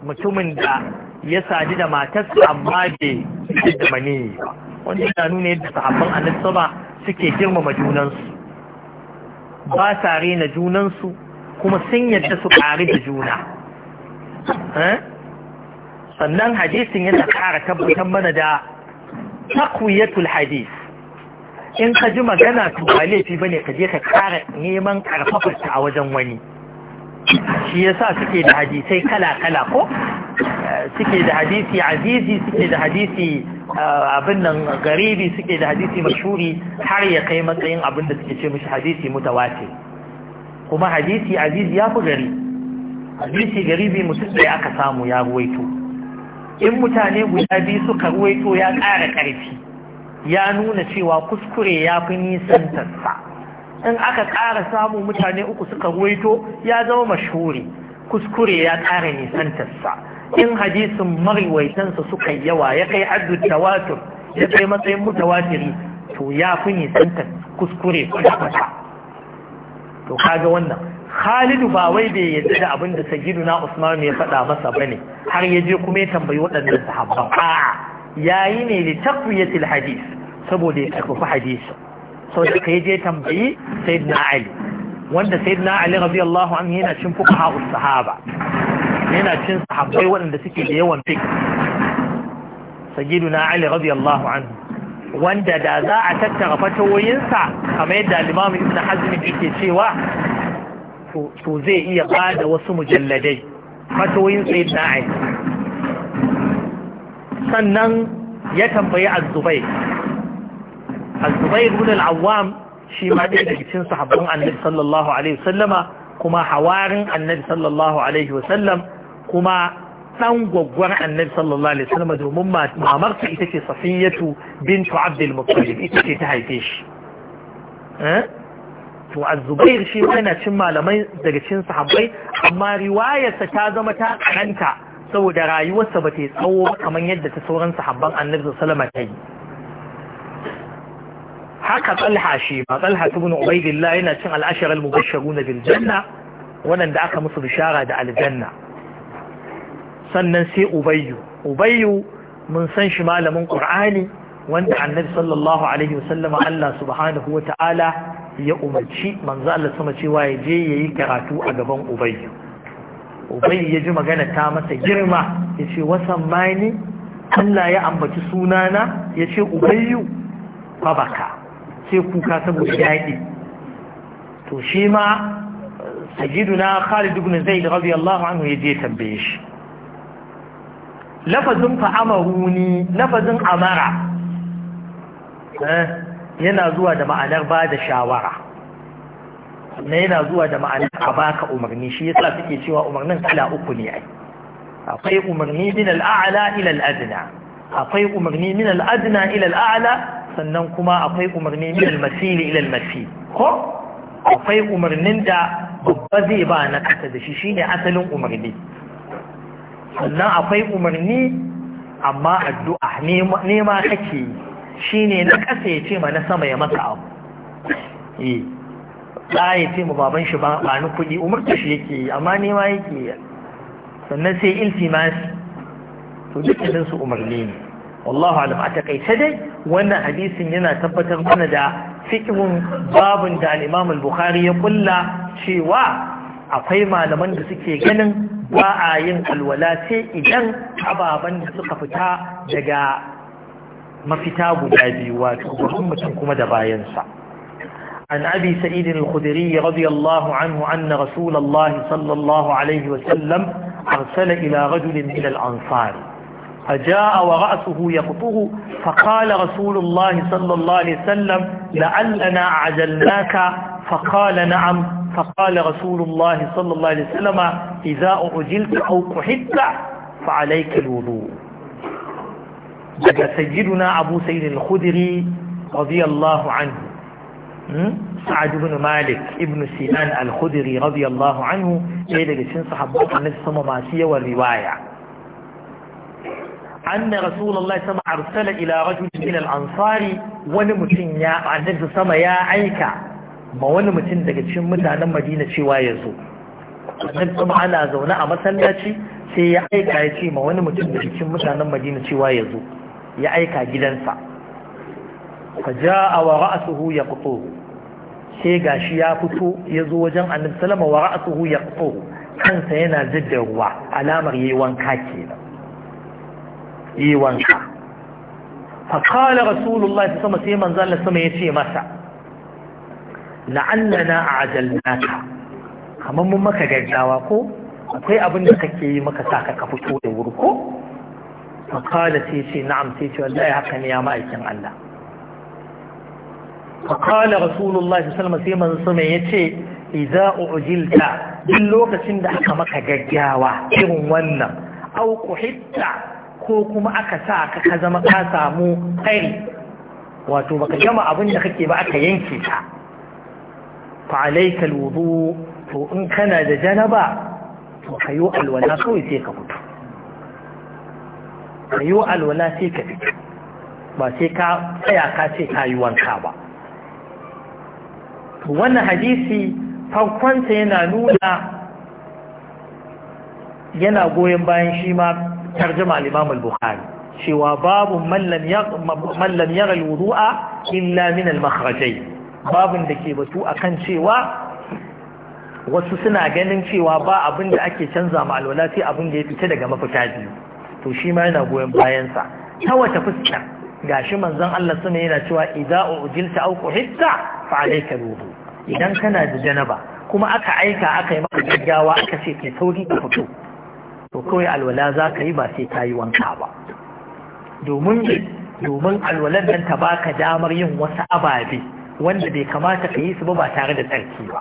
mutumin da ya sadu da matarsa amma bai da mani wanda ya nuna yadda sahabban annabi sama suke girmama junansu ba sa na junansu kuma sun yadda su ƙari da juna eh? sannan hadisin yana ƙara tabbatar mana da takwiyatul hadis in ka ji magana su ba laifi bane ka je ka ƙara neman ƙarfafarta a wajen wani shi ya sa suke da hadisai kala-kala ko suke da hadisi azizi suke da hadisi eh, abin nan garibi suke da hadisi mashuri har ya kai matsayin abin da suke ce mashi hadisi mutawatir kuma hadisi aziz ya fi gari hadisi bi mutum da aka samu ya ruwaito in mutane guda biyu suka ruwaito ya ƙara ƙarfi ya nuna cewa kuskure ya fi nisan tassa in aka ƙara samu mutane uku suka ruwaito ya zama mashuri kuskure ya ƙara nisan tassa in hadisin marwaitansa suka yawa ya kai addu tawatur ya kai matsayin mutawatiri to ya fi nisan kuskure kuma to kaga wannan Khalidu ba wai bai yadda da abin da na Usman ya faɗa masa bane har ya je kuma ya tambayi waɗannan sahabban a'a yayi ne li taqwiyatil hadith saboda ya karfafa hadisi saboda kai je tambayi sayyidina Ali wanda sayyidina Ali radiyallahu anhu yana cin fuqaha sahaba yana cin sahabbai waɗanda suke da yawan fiqh sayyidina Ali radiyallahu anhu wanda da za a tattara fatawoyinsa kamar yadda limamu ibn hazmin yake cewa to zai iya bada wasu mujalladai fatawoyin sai na aiki sannan ya tambayi azubai azubai ibn al-awwam shi ma ɗaya daga cikin sahabban annabi sallallahu alaihi wasallama kuma hawarin annabi sallallahu alaihi wasallam kuma ɗan gwaggwar annabi sallallahu alaihi wasallam domin mamarsa ita ce safiyatu bintu abdul muttalib ita ce ta haife shi eh? to az-zubair shi yana cin malamai daga cin sahabbai amma riwayarsa ta zama ta karanta saboda rayuwarsa ba ta yi tsawo ba kamar yadda ta sauran sahabban annabi sallallahu alaihi wasallam ta yi haka talha shi ba talha ibn ubaydillah yana cin al-ashara al bil janna wannan aka musu bishara da aljanna sannan sai ubayyu ubayyu mun san shi malamin ƙur'ani wanda annabi sallallahu alaihi wasallama Allah subhanahu wa ta'ala ya umarci manzo Allah sama cewa ya je yayi karatu a gaban ubayyu ubayyu ya ji magana ta masa girma yace wasan mani Allah ya ambaci sunana yace ubayyu babaka sai kuka saboda yaƙi. to shi ma sajiduna Khalid ibn Zaid radiyallahu anhu ya je tambaye shi lafazin fa'amaruni lafazin amara eh, yana zuwa da ma'anar ba da shawara na yana zuwa da ma'anar a baka umarni shi yasa suke cewa umarnin kala uku ne ai akwai umarni min al'a'ala ila al'adna akwai umarni min al'adna ila al'a'ala sannan kuma akwai umarni min al-masili ila ko akwai umarnin da babba zai ba na kasa da shi shine asalin umarni sannan akwai umarni amma addu'a nema kake yi shi ne na ƙasa ya ce ma na sama ya masa abu e, a ya ce ma baban shi ba ni kuɗi umarta shi yake yi amma nema yake yi sannan sai iltimasi to dukkanin su umarni ne wallahu alam a takaice dai wannan hadisin yana tabbatar mana da fikihun babun da al-imam al-bukhari ya kulla cewa akwai malaman da suke ganin ba a yin alwala sai idan ababen da suka fita daga mafita guda biyu wato gwamnan kuma da bayansa an abi sa'idin al-khudiri radiyallahu anhu anna rasulullah sallallahu alaihi wa sallam arsala ila rajulin ila al-ansar فجاء ورأسه يقطه فقال رسول الله صلى الله عليه وسلم لعلنا عجلناك فقال نعم فقال رسول الله صلى الله عليه وسلم إذا أعجلت أو قحبت فعليك الوضوء daga sayyiduna abu sayyid al-khudri radiyallahu anhu sa'ad malik ibn sinan al-khudri radiyallahu anhu ɗaya daga cikin sahabban annabi sama masu yawan riwaya anna rasulullahi sama arsala ila rajulin min al-ansari wani mutum ya annabi sama ya aika ma wani mutum daga cikin mutanen madina cewa ya zo sannan kuma ana zaune a masallaci sai ya aika ya ce ma wani mutum daga cikin mutanen madina cewa ya zo ya aika gidansa fa ja'a wa ra'suhu yaqtuhu sai gashi ya fito ya zo wajen annabi sallama wa ra'suhu yaqtuhu kansa yana jidda ruwa alamar yayi wanka kenan yi wanka fa qala rasulullahi sallallahu alaihi wasallam sai manzo Allah sama ce masa a ajalnaka kamar mun maka gaggawa ko akwai abin da kake yi maka sa ka fito da wuri ko fa qala sai ce na'am sai ce wallahi haka ne ya ma'aikin Allah fa qala rasulullahi sallallahu alaihi wasallam sai manzo yace idza ujilta duk lokacin da aka maka gaggawa irin wannan au kuhitta ko kuma aka sa ka ka zama ka samu kai wato baka gama abin da kake ba aka yanke ta فعليك to in kana da جنبا وحيوء الولا كوي سيكا فتو حيوء الولا سيكا فتو ba sai ka tsaya ka ce ka yi wanka ba wannan hadisi farkonsa yana nuna yana goyon bayan shi ma tarjama a imam al-bukhari cewa babu mallam lam yara al-wudu'a illa min al babin da ke batu akan cewa wasu suna ganin cewa ba abin da ake canza ma'alwala alwala sai abin da ya fita daga mafita biyu to shi ma yana goyon bayansa ta wata fuska shi manzon Allah suna yana cewa a ujilta auku hitta, fa alayka ruhu idan kana da janaba kuma aka aika aka yi maka gaggawa aka ce ka sauri ka fito to kawai alwala za ka yi ba sai ka yi wanka ba domin domin alwalar nan ta baka damar yin wasu ababe wanda bai kamata ka yi su ba ba tare da tsarki ba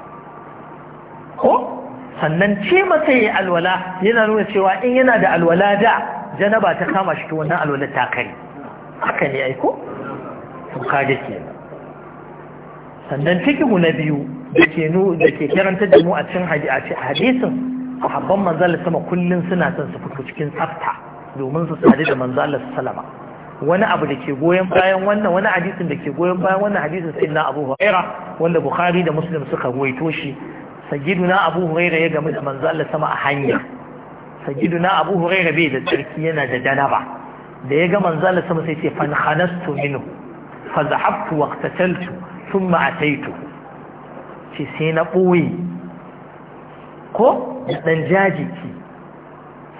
ko sannan ce masa yi alwala yana nuna cewa in yana da alwala da janaba ta kama shi ta wannan alwala ta kare haka ne aiko ka da ke sannan cikin na biyu da ke nu da ke karanta da mu a cin hadisin sahabban manzala sama kullum suna son su fito cikin tsafta domin su sadu da manzala salama wani abu da ke goyon bayan wannan wani hadisin da ke goyon bayan wannan hadisin sai na abu huraira wanda bukhari da muslim suka ruwaito shi na abu huraira ya gami da manzo Allah sama a hanya na abu huraira bai da tsarki yana da janaba da ya ga manzo Allah sama sai ce fan khanastu minhu fa zahabtu wa qtataltu thumma ataitu ce sai na boye ko dan jajiki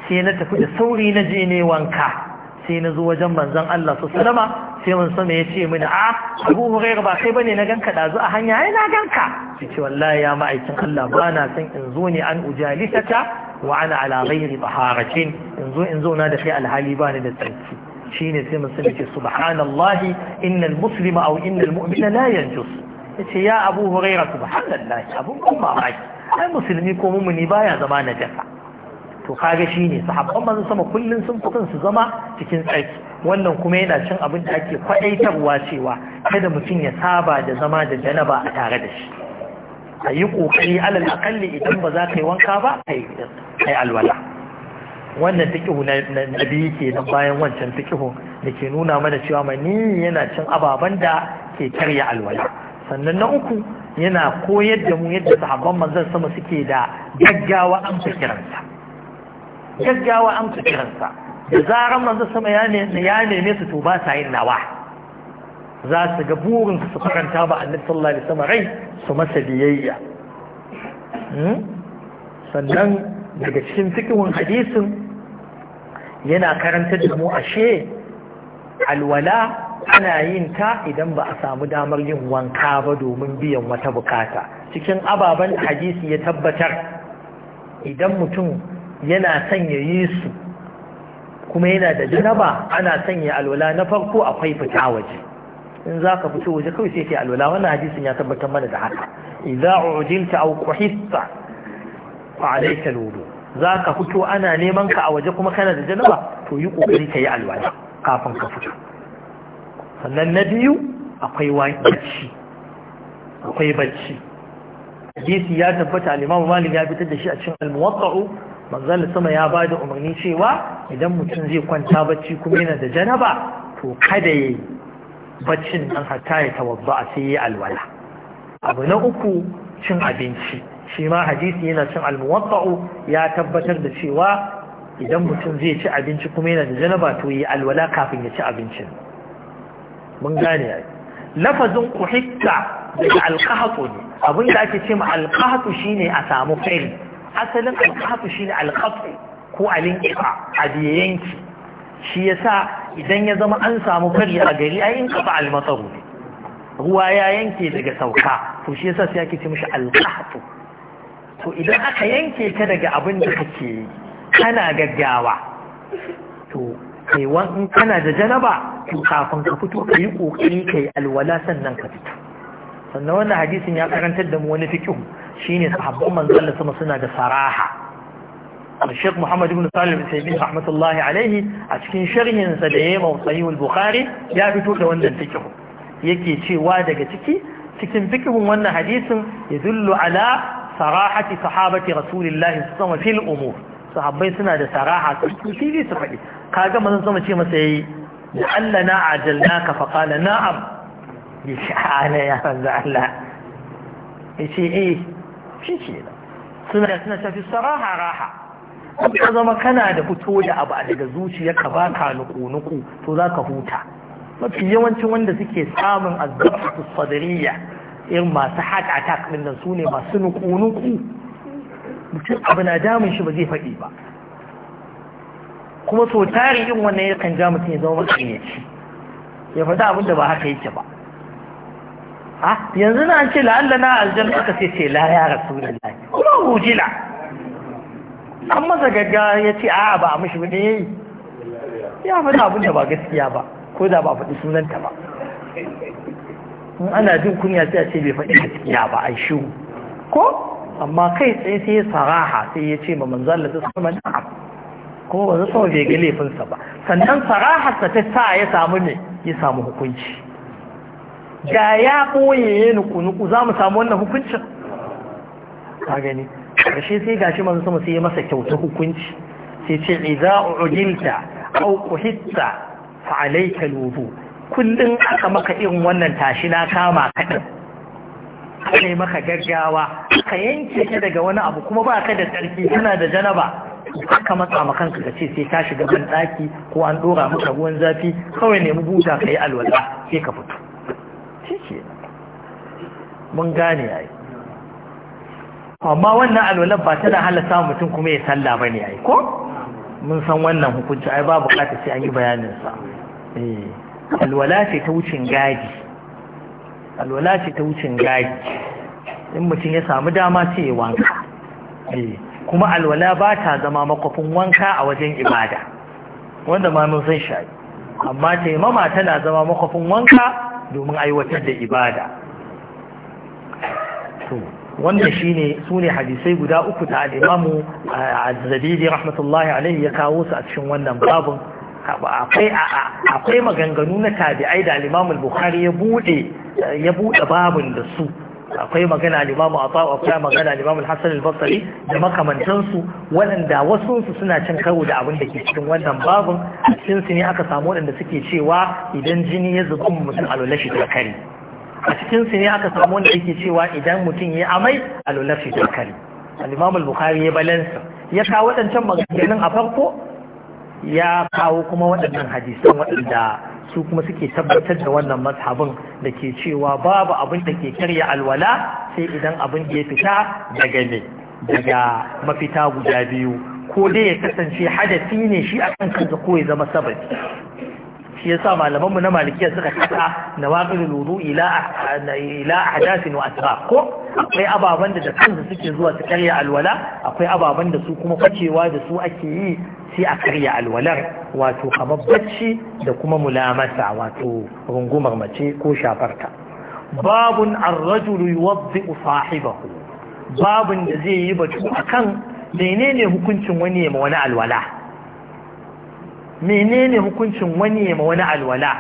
sai na tafi da sauri na je ne wanka sai na zo wajen manzon Allah su salama sai mun sama ya ce mini a ah, abu hurairu ba kai bane na ganka ɗazu a hanya ai na ganka ya ce wallahi ya ma'aikin Allah ba na san in zo ne an ujalisata wa ana ala ghairi taharatin in zo in zo na da kai alhali ba ni da tsarki shine sai mun sama ce subhanallahi innal muslima aw innal mu'mina la yanjus yace ya abu hurairu subhanallahi abun kuma ai ai musulmi ko mumuni baya zama najasa to kaga shi ne sahabban manzo sama kullun sun fi su zama cikin tsaki wannan kuma yana cin abin da ake kwadaitarwa cewa kada mutum ya saba da zama da janaba a tare da shi a yi kokari alal akalli idan ba za ka yi wanka ba a yi alwala wannan fikihu na biyu ke nan bayan wancan fikihu da ke nuna mana cewa mani yana cin ababen da ke karya alwala sannan na uku yana koyar da mu yadda sahabban manzon sama suke da gaggawa an kiransa. gaggawa amsa kiransa da zarar manzo sama ya ya su ne su tuba yin nawa za su ga burin su faranta ba annabi sallallahu alaihi wasallam rai su masa biyayya hmm? sannan daga cikin cikin hadisin yana karanta da mu ashe alwala ana yin ta idan ba a samu damar yin wanka ba domin biyan wata bukata cikin ababen hadisi ya tabbatar idan mutum yana sanya ya yi su kuma yana da janaba ana sanya ya alwala na farko akwai fita waje in za ka fito waje kawai sai ka alwala wannan hadisin ya tabbatar mana da haka idza ujilta aw quhitta fa alayka alwudu za ka fito ana neman ka a waje kuma kana da janaba to yi kokari ka yi alwala kafin ka fito sannan na biyu akwai bacci akwai bacci hadisi ya tabbata al-Imam Malik ya fitar da shi a cikin al-Muwatta'u manzon sama ya ba da umarni cewa idan mutum zai kwanta bacci kuma yana da janaba to kada ya yi baccin nan hata ya tawabba a sai ya alwala abu na uku cin abinci shi ma hadisi yana cin almuwatta'u ya tabbatar da cewa idan mutum zai ci abinci kuma yana da janaba to yi alwala kafin ya ci abincin mun gane ai lafazin kuhitta daga alkahatu ne abin da ake ce ma alkahatu shine a samu fari asalin alkafu shi ne ko alinkifa a yanke. shi ya sa idan ya zama an samu fari a gari a yin kafa ne. ruwa ya yanke daga sauka to shi ya sa sai ake ce mashi alkafu to idan aka yanke ka daga abin da kake yi kana gaggawa to kai in kana da janaba to kafin ka fito ka yi ƙoƙari ka yi alwala sannan ka fito sannan wannan hadisin ya karantar da mu wani fikihu shine sahabban manzo Allah sama suna da saraha Sheikh Muhammad ibn Salim Sayyidin rahmatullahi alaihi a cikin sharhin sa da yayi Sahih al-Bukhari ya fito da wannan fikihu yake cewa daga ciki cikin fikihun wannan hadisin ya yadullu ala sarahati sahabati rasulillahi sallallahu alaihi wasallam fil umur sahabbai suna da saraha su fili su faɗi kaga manzo sama ce masa yayi da Allah na ajalnaka fa qala na'am ya ce ana ya manzo Allah ya ce eh shi ke nan suna suna tafi saraha raha ka zama kana da fito da abu a daga zuciyarka ba ka nuku-nuku to za ka huta mafi yawancin wanda suke samun azzabtu sadariya irin masu heart attack din nan su ne masu nuku-nuku mutum abu na damun shi ba zai faɗi ba kuma so tari irin wannan yakan ja mutum ya zama matsayyaci ya faɗi abin da ba haka yake ba ha yanzu na an ce la'alla na aljan aka ce ce la ya rasu lai kuma hujila an masa gagga ya ce a ba a mishi ne yayi ya faɗi abin da ba gaskiya ba ko da ba faɗi sunanta ba in ana jin kunya sai a ce bai faɗi gaskiya ba a shi ko amma kai tsaye sai ya saraha sai ya ce ma manzalla su sama na'am kuma ba zai sama bai ga laifinsa ba sannan ta ta sa ya samu ne ya samu hukunci da ya ɓoye ya nuku nuku za mu samu wannan hukuncin ka gani ƙarshe sai gashi masu sama sai ya masa kyauta hukunci sai ce idza ujilta aw quhitta fa alayka alwudu kullun aka maka irin wannan tashi na kama kaɗan aka maka gaggawa ka yanke ka daga wani abu kuma ba ka da tsarki kana da janaba aka matsa ma kanka ka ce sai ka shiga ban ko an ɗora maka ruwan zafi kawai nemi buta ka yi alwala sai ka fito shi ke mun gane yi amma wannan alwalar ba ta da halasta mutum kuma ya salla ba ne yi ko mun san wannan hukunci ai ba bukata sai an yi bayaninsa eh, alwala ce ta wucin gadi alwala ce ta wucin gadi in mutum ya samu dama ce ya wanka eh, kuma alwala ba ta zama makwafin wanka a wajen ibada wanda ma mun san shi amma taimama tana zama makwafin wanka domin aiwatar da ibada ne su sune hadisai guda uku da al eh, a zabidi rahmatullahi alaihi ya kawo su a cikin wannan babun akwai maganganu na tabi'ai da al Al-Bukhari ya buɗe babin da su akwai magana al-imamu tsawo akwai magana al-imamu al al da makamantansu waɗanda wasu su suna cin karo da abin da ke cikin wannan a cikin su ne aka samu waɗanda suke cewa idan jini ya zuba mutum alwala shi da kare a cikin su ne aka samu wanda yake cewa idan mutum ya amai a shi da kare al bukari ya balansa ya kawo waɗancan maganganun a farko ya kawo kuma waɗannan hadisan waɗanda su kuma suke tabbatar da wannan mazhabin da ke cewa babu abin da ke karya alwala sai idan abin da ya fita daga ne daga mafita guda biyu ko dai ya kasance hadafi ne shi a kan kanka ko ya zama sababi shi yasa malamanmu na malikiya suka kasa na waƙilul wudu ila a hadafin wa ko akwai ababan da kansu suke zuwa su karya alwala akwai ababan da su kuma kwacewa da su ake yi sai a karya alwalar wato kamar bacci da kuma mulamasa wato rungumar mace ko shafarta babun ar-rajulu yuwaddi'u sahibahu babun da zai yi batu akan menene hukuncin wani ya wani alwala menene hukuncin wani ya ma wani alwala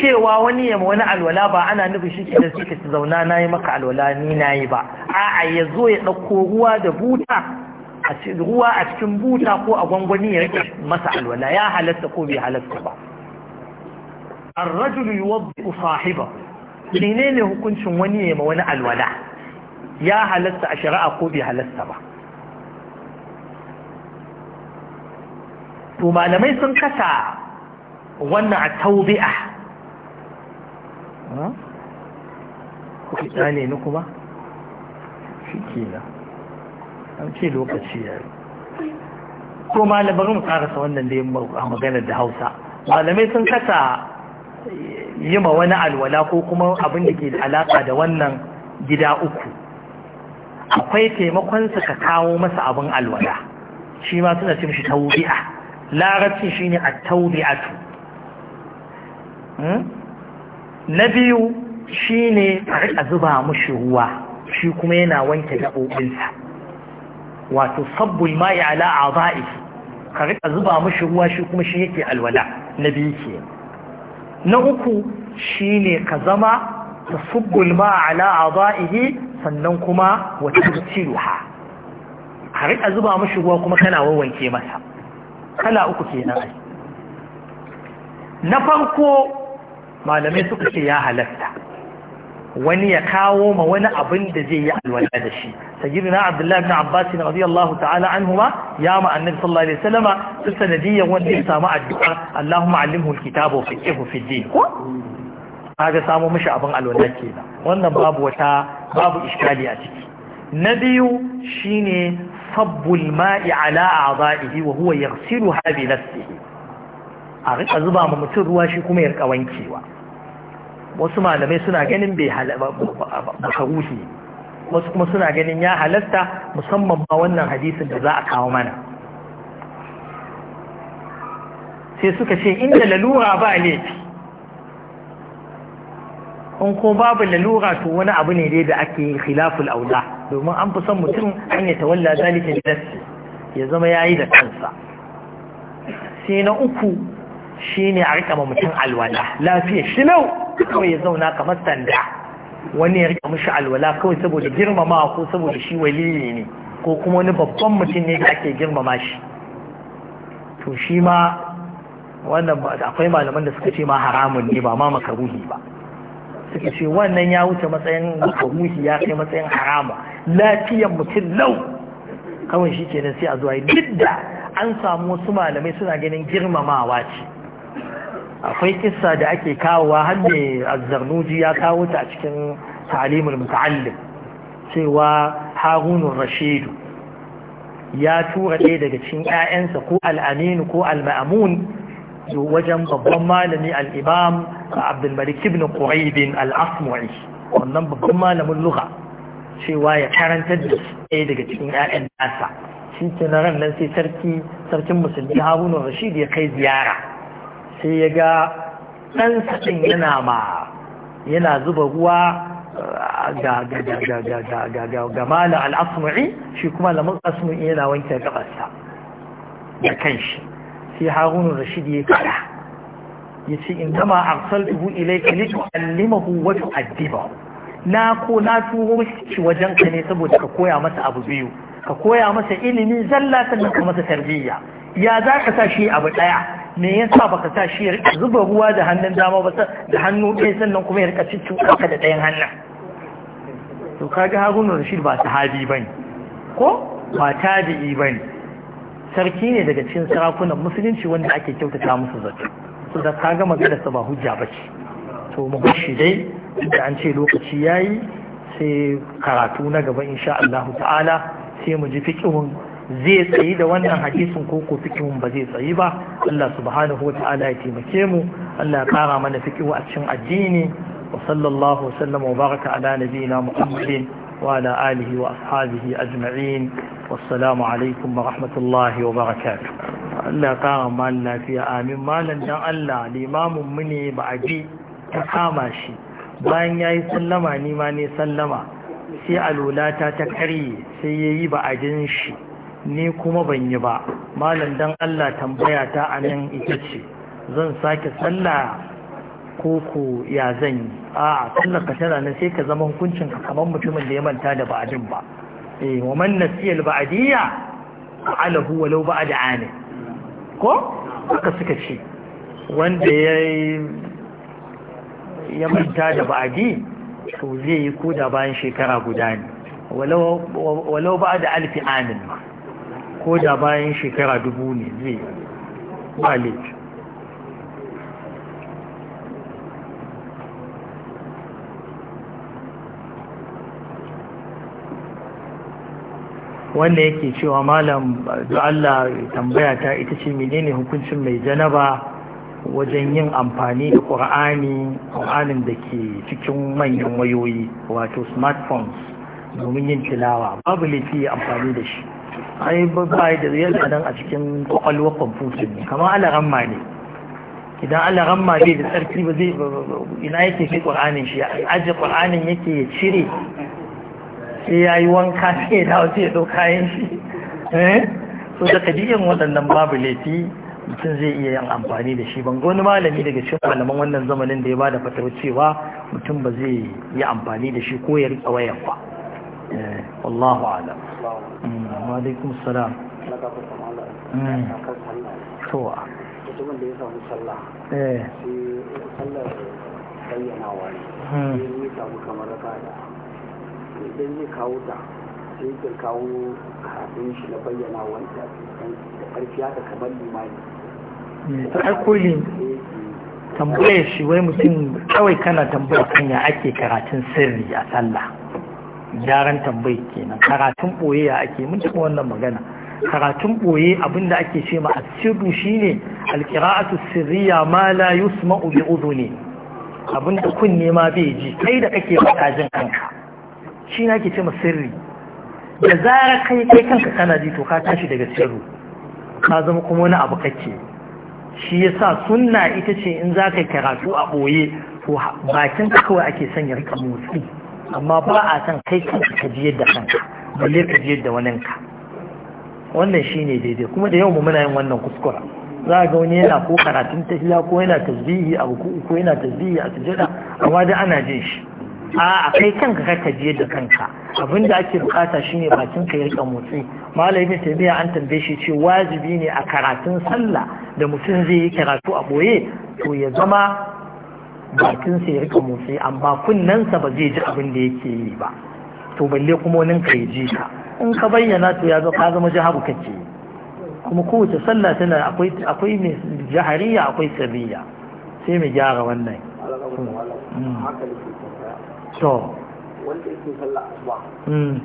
cewa wani ya ma wani alwala ba ana nufin shi da suke ci zauna na yi maka alwala ni na yi ba a'a ya zo ya ɗauko ruwa da buta ruwa a cikin buta ko a gwangwani ya rike masa alwala ya halatta ko bai halatta ba الرجل يوضئ صاحبه menene hukuncin wani ya ma wani alwala ya halatta a shari'a ko bai halatta ba to malamai sun kasa wannan a taubi'a kuka ne ni kuma shi ke na an ce lokaci ya yi to malamai mu karasa wannan da yin maganar da hausa malamai sun kasa yi ma wani alwala ko kuma abin da ke da alaka da wannan gida uku akwai taimakonsa ka kawo masa abin alwala shi ma suna cin shi taubi'a larabci shine at-tawbi'atu hmm? na biyu shine a rika zuba mushi ruwa shi kuma yana wanke gaɓoɓinsa wato sabbul ma'i ala aba'i ka rika zuba mushi ruwa shi kuma shi yake alwala na biyu ke na uku shine ka zama ta tasubbul ma'a ala aba'ihi sannan kuma wata tsiruha ka rika zuba mushi ruwa kuma kana wawanke masa kala uku kenan ai na farko malamai suka ce ya halatta wani ya kawo ma wani abin da zai yi alwala da shi sayyidina abdullahi ibn abbas radiyallahu ta'ala huma ya ma annabi sallallahu alaihi wasallama su sanadiyyar wanda ya samu addu'a allahu allimhu alkitaba wa fiqhu fi din ko ga samu mashi abin alwala kenan wannan babu wata babu iskali a ciki na biyu shine صب الماء على أعضائه وهو يغسلها بنفسه أغيق أزبا ممتر واشي كما يرقى وانكيوا وسمع لما يسنع جنن بخروحي wasu kuma suna ganin ya halasta musamman ba wannan hadisin da za a kawo mana sai suka ce inda lalura ba laifi in ko babu lalura to wani abu ne dai da ake khilaful aula domin an fi son mutum an ya tawalla zalika da nafsi ya zama ya yi da kansa sai na uku shi ne a rika mutum alwala lafiya shi lau kawai ya zauna kamar sanda wani ya rika mushi alwala kawai saboda girmama ko saboda shi waliyi ne ko kuma wani babban mutum ne da ake girmama shi to shi ma wannan akwai malaman da suka ce ma haramun ne ba ma makaruhi ba suka ce wannan ya wuce matsayin makamuhi ya kai matsayin harama lafiyan mutum lau kawai shi nan sai a zuwa yi duk da an samu wasu malamai suna ganin girmamawa ce akwai kissa da ake kawowa har da azzarnuji ya kawo ta a cikin ta'alimul muta'allim cewa harunun rashidu ya tura ɗaya daga cikin 'ya'yansa ko al'aminu ko al-ma'amun wajen babban malami al'imam abdulmalik ibn ƙuraibin al'asmari wannan babban malamin luha cewa ya karantar da ɗaya daga cikin ‘ya'yan nasa shi ke na ran nan sai sarki sarkin musulmi haruna rashid ya kai ziyara sai ya ga ɗansa ɗin yana ma yana zuba ruwa uh, ga malam al'asmari shi kuma lamun asmari yana wanke gabasa da kanshi sai harun rashid ya kada ya ce in zama arsaltuhu ilayka alimahu wa addiba na ko na turo shi wajen ka ne saboda ka koya masa abu biyu ka koya masa ilimi zalla sannan ka masa tarbiyya ya za ka sa shi abu daya me yasa baka sa shi zuba ruwa da hannun dama ba da hannu ɗaya sannan kuma ya rika cikin ka da ɗayan hannun to kaga harun rashid ba sahabi bane ko ba tabi'i bane sarki ne daga cikin sarakunan musulunci wanda ake kyautata musu zato su da ka gama su ba hujja ba ce to mu dai da an ce lokaci ya yi sai karatu na gaba insha Allah ta'ala sai mu ji fikihun zai tsayi da wannan hadisin ko ko fikihun ba zai tsayi ba Allah subhanahu wa ta'ala ya taimake mu Allah ya kara mana fikihu a cikin addini wa sallallahu wa sallama wa baraka ala nabiyina Muhammadin وعلى آله wa أجمعين والسلام عليكم ورحمة الله وبركاته Allah ƙara malin lafiya amin malin dan Allah limamin mu ne ba a ji ta kama shi bayan ya yi sallama ni ma ne sallama sai alulata ta karye sai ya yi ba a jin shi ni kuma ban yi ba Malam dan Allah tambaya ta a nan ita ce zan sake sallah ko ya zan yi a sallar ka tana nan sai ka zama hukuncin ka kamar mutumin da ya manta da ba'adin ba eh wa man nasiya al-ba'diyya alahu walau ba'da ani ko haka suka ce wanda ya ya manta da ba'adi to zai yi koda bayan shekara guda ne walau ba'da alfi anin ko da bayan shekara dubu ne zai yi ba wanda yake cewa malam da Allah tambaya ta ita ce menene hukuncin mai janaba wajen yin amfani da ƙur'ani ƙur'anin da ke cikin manyan wayoyi wato smartphones domin yin tilawa babu laifi amfani da shi ai ba da yana nan a cikin kwakwalwar kwamfutin ne kamar alaramma ne idan alaramma bai da tsarki ba zai ina yake kai ƙur'anin shi aje ƙur'anin yake ya cire sai ya yi wanka sai ya dawo sai ya ɗau kayan shi eh? so da kadiyan waɗannan babu laifi mutum zai iya yin amfani da shi ban ga wani malami daga cikin malaman wannan zamanin da ya bada fatar cewa mutum ba zai yi amfani da shi ko ya riƙa wayar ba eh, wallahu ala mm, wa alaikum salam mm. to a eh. mutumin da ya samu sallah sai sallar bayyanawa ne sai ya hmm. samu kamar raka da idan zai kawo ta sai ka kawo kafin shi na bayyana wanda da karfi haka kamar limani ta kuli tambayar shi wai mutum kawai kana tambayar kan ya ake karatun sirri a sallah gyaran tambayi kenan karatun ɓoye ya ake mun taɓa wannan magana karatun ɓoye abinda ake ce ma asirru shine alqira'atu sirriya ma la yusma'u bi udhuni abinda kunne ma bai ji kai da kake faɗa jin kanka shi na ke ce ma sirri da zara kai kai kanka kana ji to ka tashi daga sirru ka zama kuma wani abu kake shi ya sa sunna ita ce in za ka karatu a ɓoye to bakin ka kawai ake son ya rika motsi amma ba a san kai kanka ka ji yadda kanka balle ka ji yadda wani ka wannan ne daidai kuma da yau mu muna yin wannan kuskura za ga wani yana ko karatun tafiya, ko yana tasbihi a ko yana tasbihi a sujada amma dai ana jin shi A'a kai kanka ka je da kanka abin da ake bukata shine bakin ka rika motsi malami ta biya an tambaye shi ce wajibi ne a karatun sallah da mutum zai yi karatu a boye to ya zama bakin sa ya rika motsi amma kunnensa ba zai ji abin da yake yi ba to balle kuma wani ka ji ka in ka bayyana to ya zo ka zama jahabu kake kuma kowace sallah tana akwai akwai mai jahariya akwai sabiya sai mu gyara wannan hmm. to wanda yake sallah asuba hmm.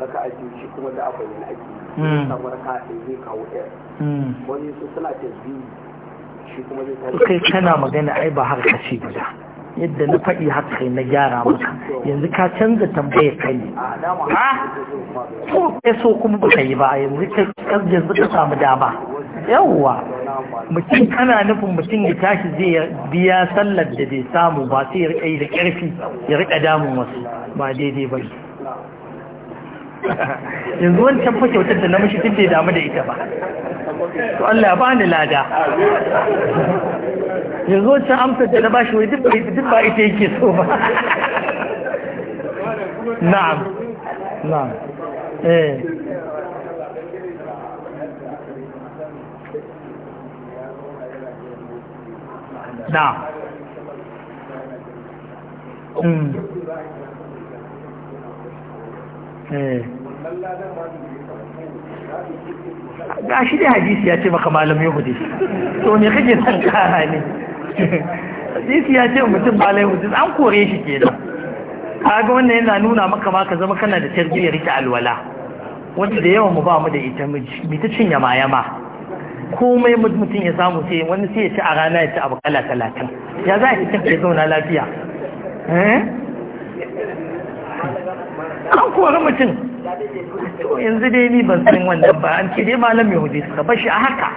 raka a biyu shi kuma da a bayyana ake yi hmm. samu raka ɗaya zai kawo ɗaya hmm. wani su suna ta biyu shi kuma zai tashi kai kana magana ai ba har ka ce guda yadda na faɗi haka kai na gyara maka yanzu ka canza tambayar kai ha ko ya so kuma ba ka yi ba yanzu ka yanzu ka samu dama yawwa mutum ana nufin mutum ya tashi zai biya sallar da bai samu ba sai ya rika yi da ƙarfi ya rika damun wasu ba daidai ba yanzu can fa kyautar da namishi duk bai damu da ita ba to Allah ya bani lada yanzu wani can amsar da na bashi wani duk ba ita yake so ba na'am na'am eh na hmm. eh. ga shi dai hadisi ya ce maka malam yahudi to ne kake san kara ne hadisi ya ce mutum malam yahudi an kore shi ke nan kaga wannan yana nuna maka ma ka zama kana da tarbiyyar ta alwala wanda da yawan mu ba mu da ita mu ta cinye mayama komai mutum ya samu sai wani sai ya ci a rana ya ci abu kala talatin ya za a ci ya zauna lafiya eh? an kori mutum to yanzu dai ni ban san wannan ba an ce dai malam ya hudu suka bashi a haka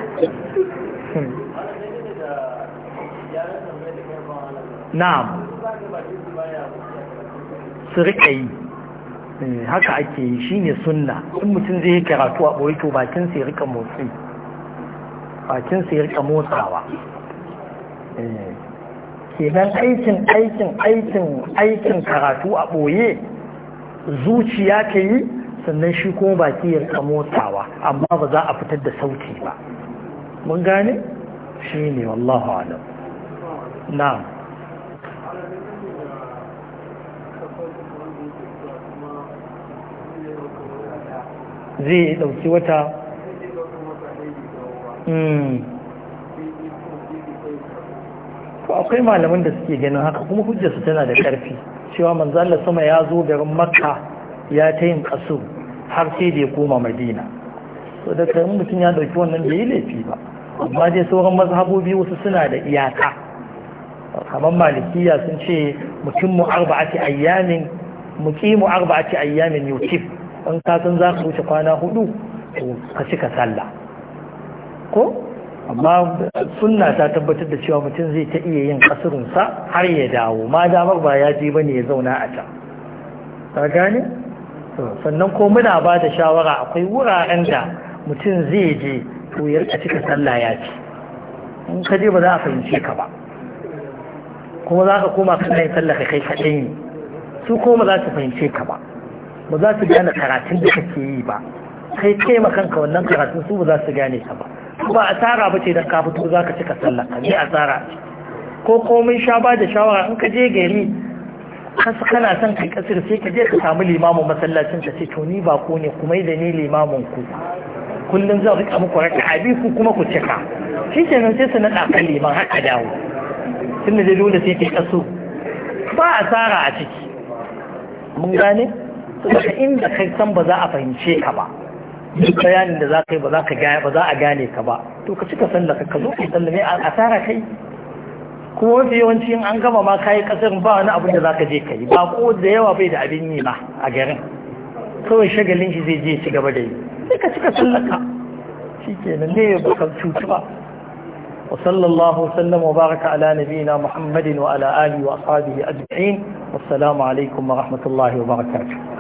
hmm. na'am su rika yi eh, haka ake yi ne sunna in mutum zai yi karatu a ɓoye to bakin sai rika motsi bakinsa ya rika motsawa eh, kenan aikin aikin aikin aikin karatu a ɓoye zuciya ka yi sannan shi kuma baki ya rika motsawa amma ba za a fitar da sauti ba mun gane shi ne wallahu alam na zai ɗauki wata Hmm. akwai malamin da suke ganin haka kuma hujjarsu tana da karfi cewa manzala sama ya zo garin makka ya ta yin kaso har sai da ya koma madina so da kai mutum ya ɗauki wannan bai yi laifi ba amma dai sauran mazhabobi wasu suna da iyaka kamar malikiya sun ce mutum mu arba'ati ayyamin muqimu arba'ati ayyamin yutif an ka za ka wuce kwana hudu to ka cika sallah ko amma sunna ta tabbatar da cewa mutum zai ta iya yin kasurinsa har ya dawo ma damar ba ya je bane ya zauna a can ta gane sannan ko muna ba da shawara akwai wuraren da mutum zai je to ya rika cika sallah ya ci in ka je ba za a fahimce ka ba kuma za ka koma kan yin sallah kai kaɗai ne su kuma za su fahimce ka ba ba za su gane karatun da kake yi ba kai kai makanka wannan karatun su ba za su gane ka ba ba asara ba ce don ka fito za ka cika sallah ka je asara ko komai sha ba da shawara in ka je gari kasu kana son kai kasir sai ka je ka samu limamin masallacin ka ce to ni ba ko ne kuma da ni limamun ku kullum zan rika muku raka abi ku kuma ku cika shi nan sai su naɗa kan liman haka dawo da dai dole sai kai kasu ba asara a ciki mun gane saboda inda kai san ba za a fahimce ka ba duk bayanin da za ka yi ba za ka gaya ba za a gane ka ba to ka cika sallaka ka zo ka sallame a asara kai kuma mafi yawanci in an gama ma kayi kasar ba wani abin da za ka je ka yi ba ko da yawa bai da abin yi ba a garin kawai shagalin shi zai je ci gaba da yi sai ka cika sallaka shi kenan ne ba ka cutu ba وصلى الله وسلم وبارك على نبينا محمد وعلى آله وأصحابه أجمعين والسلام عليكم rahmatullahi الله وبركاته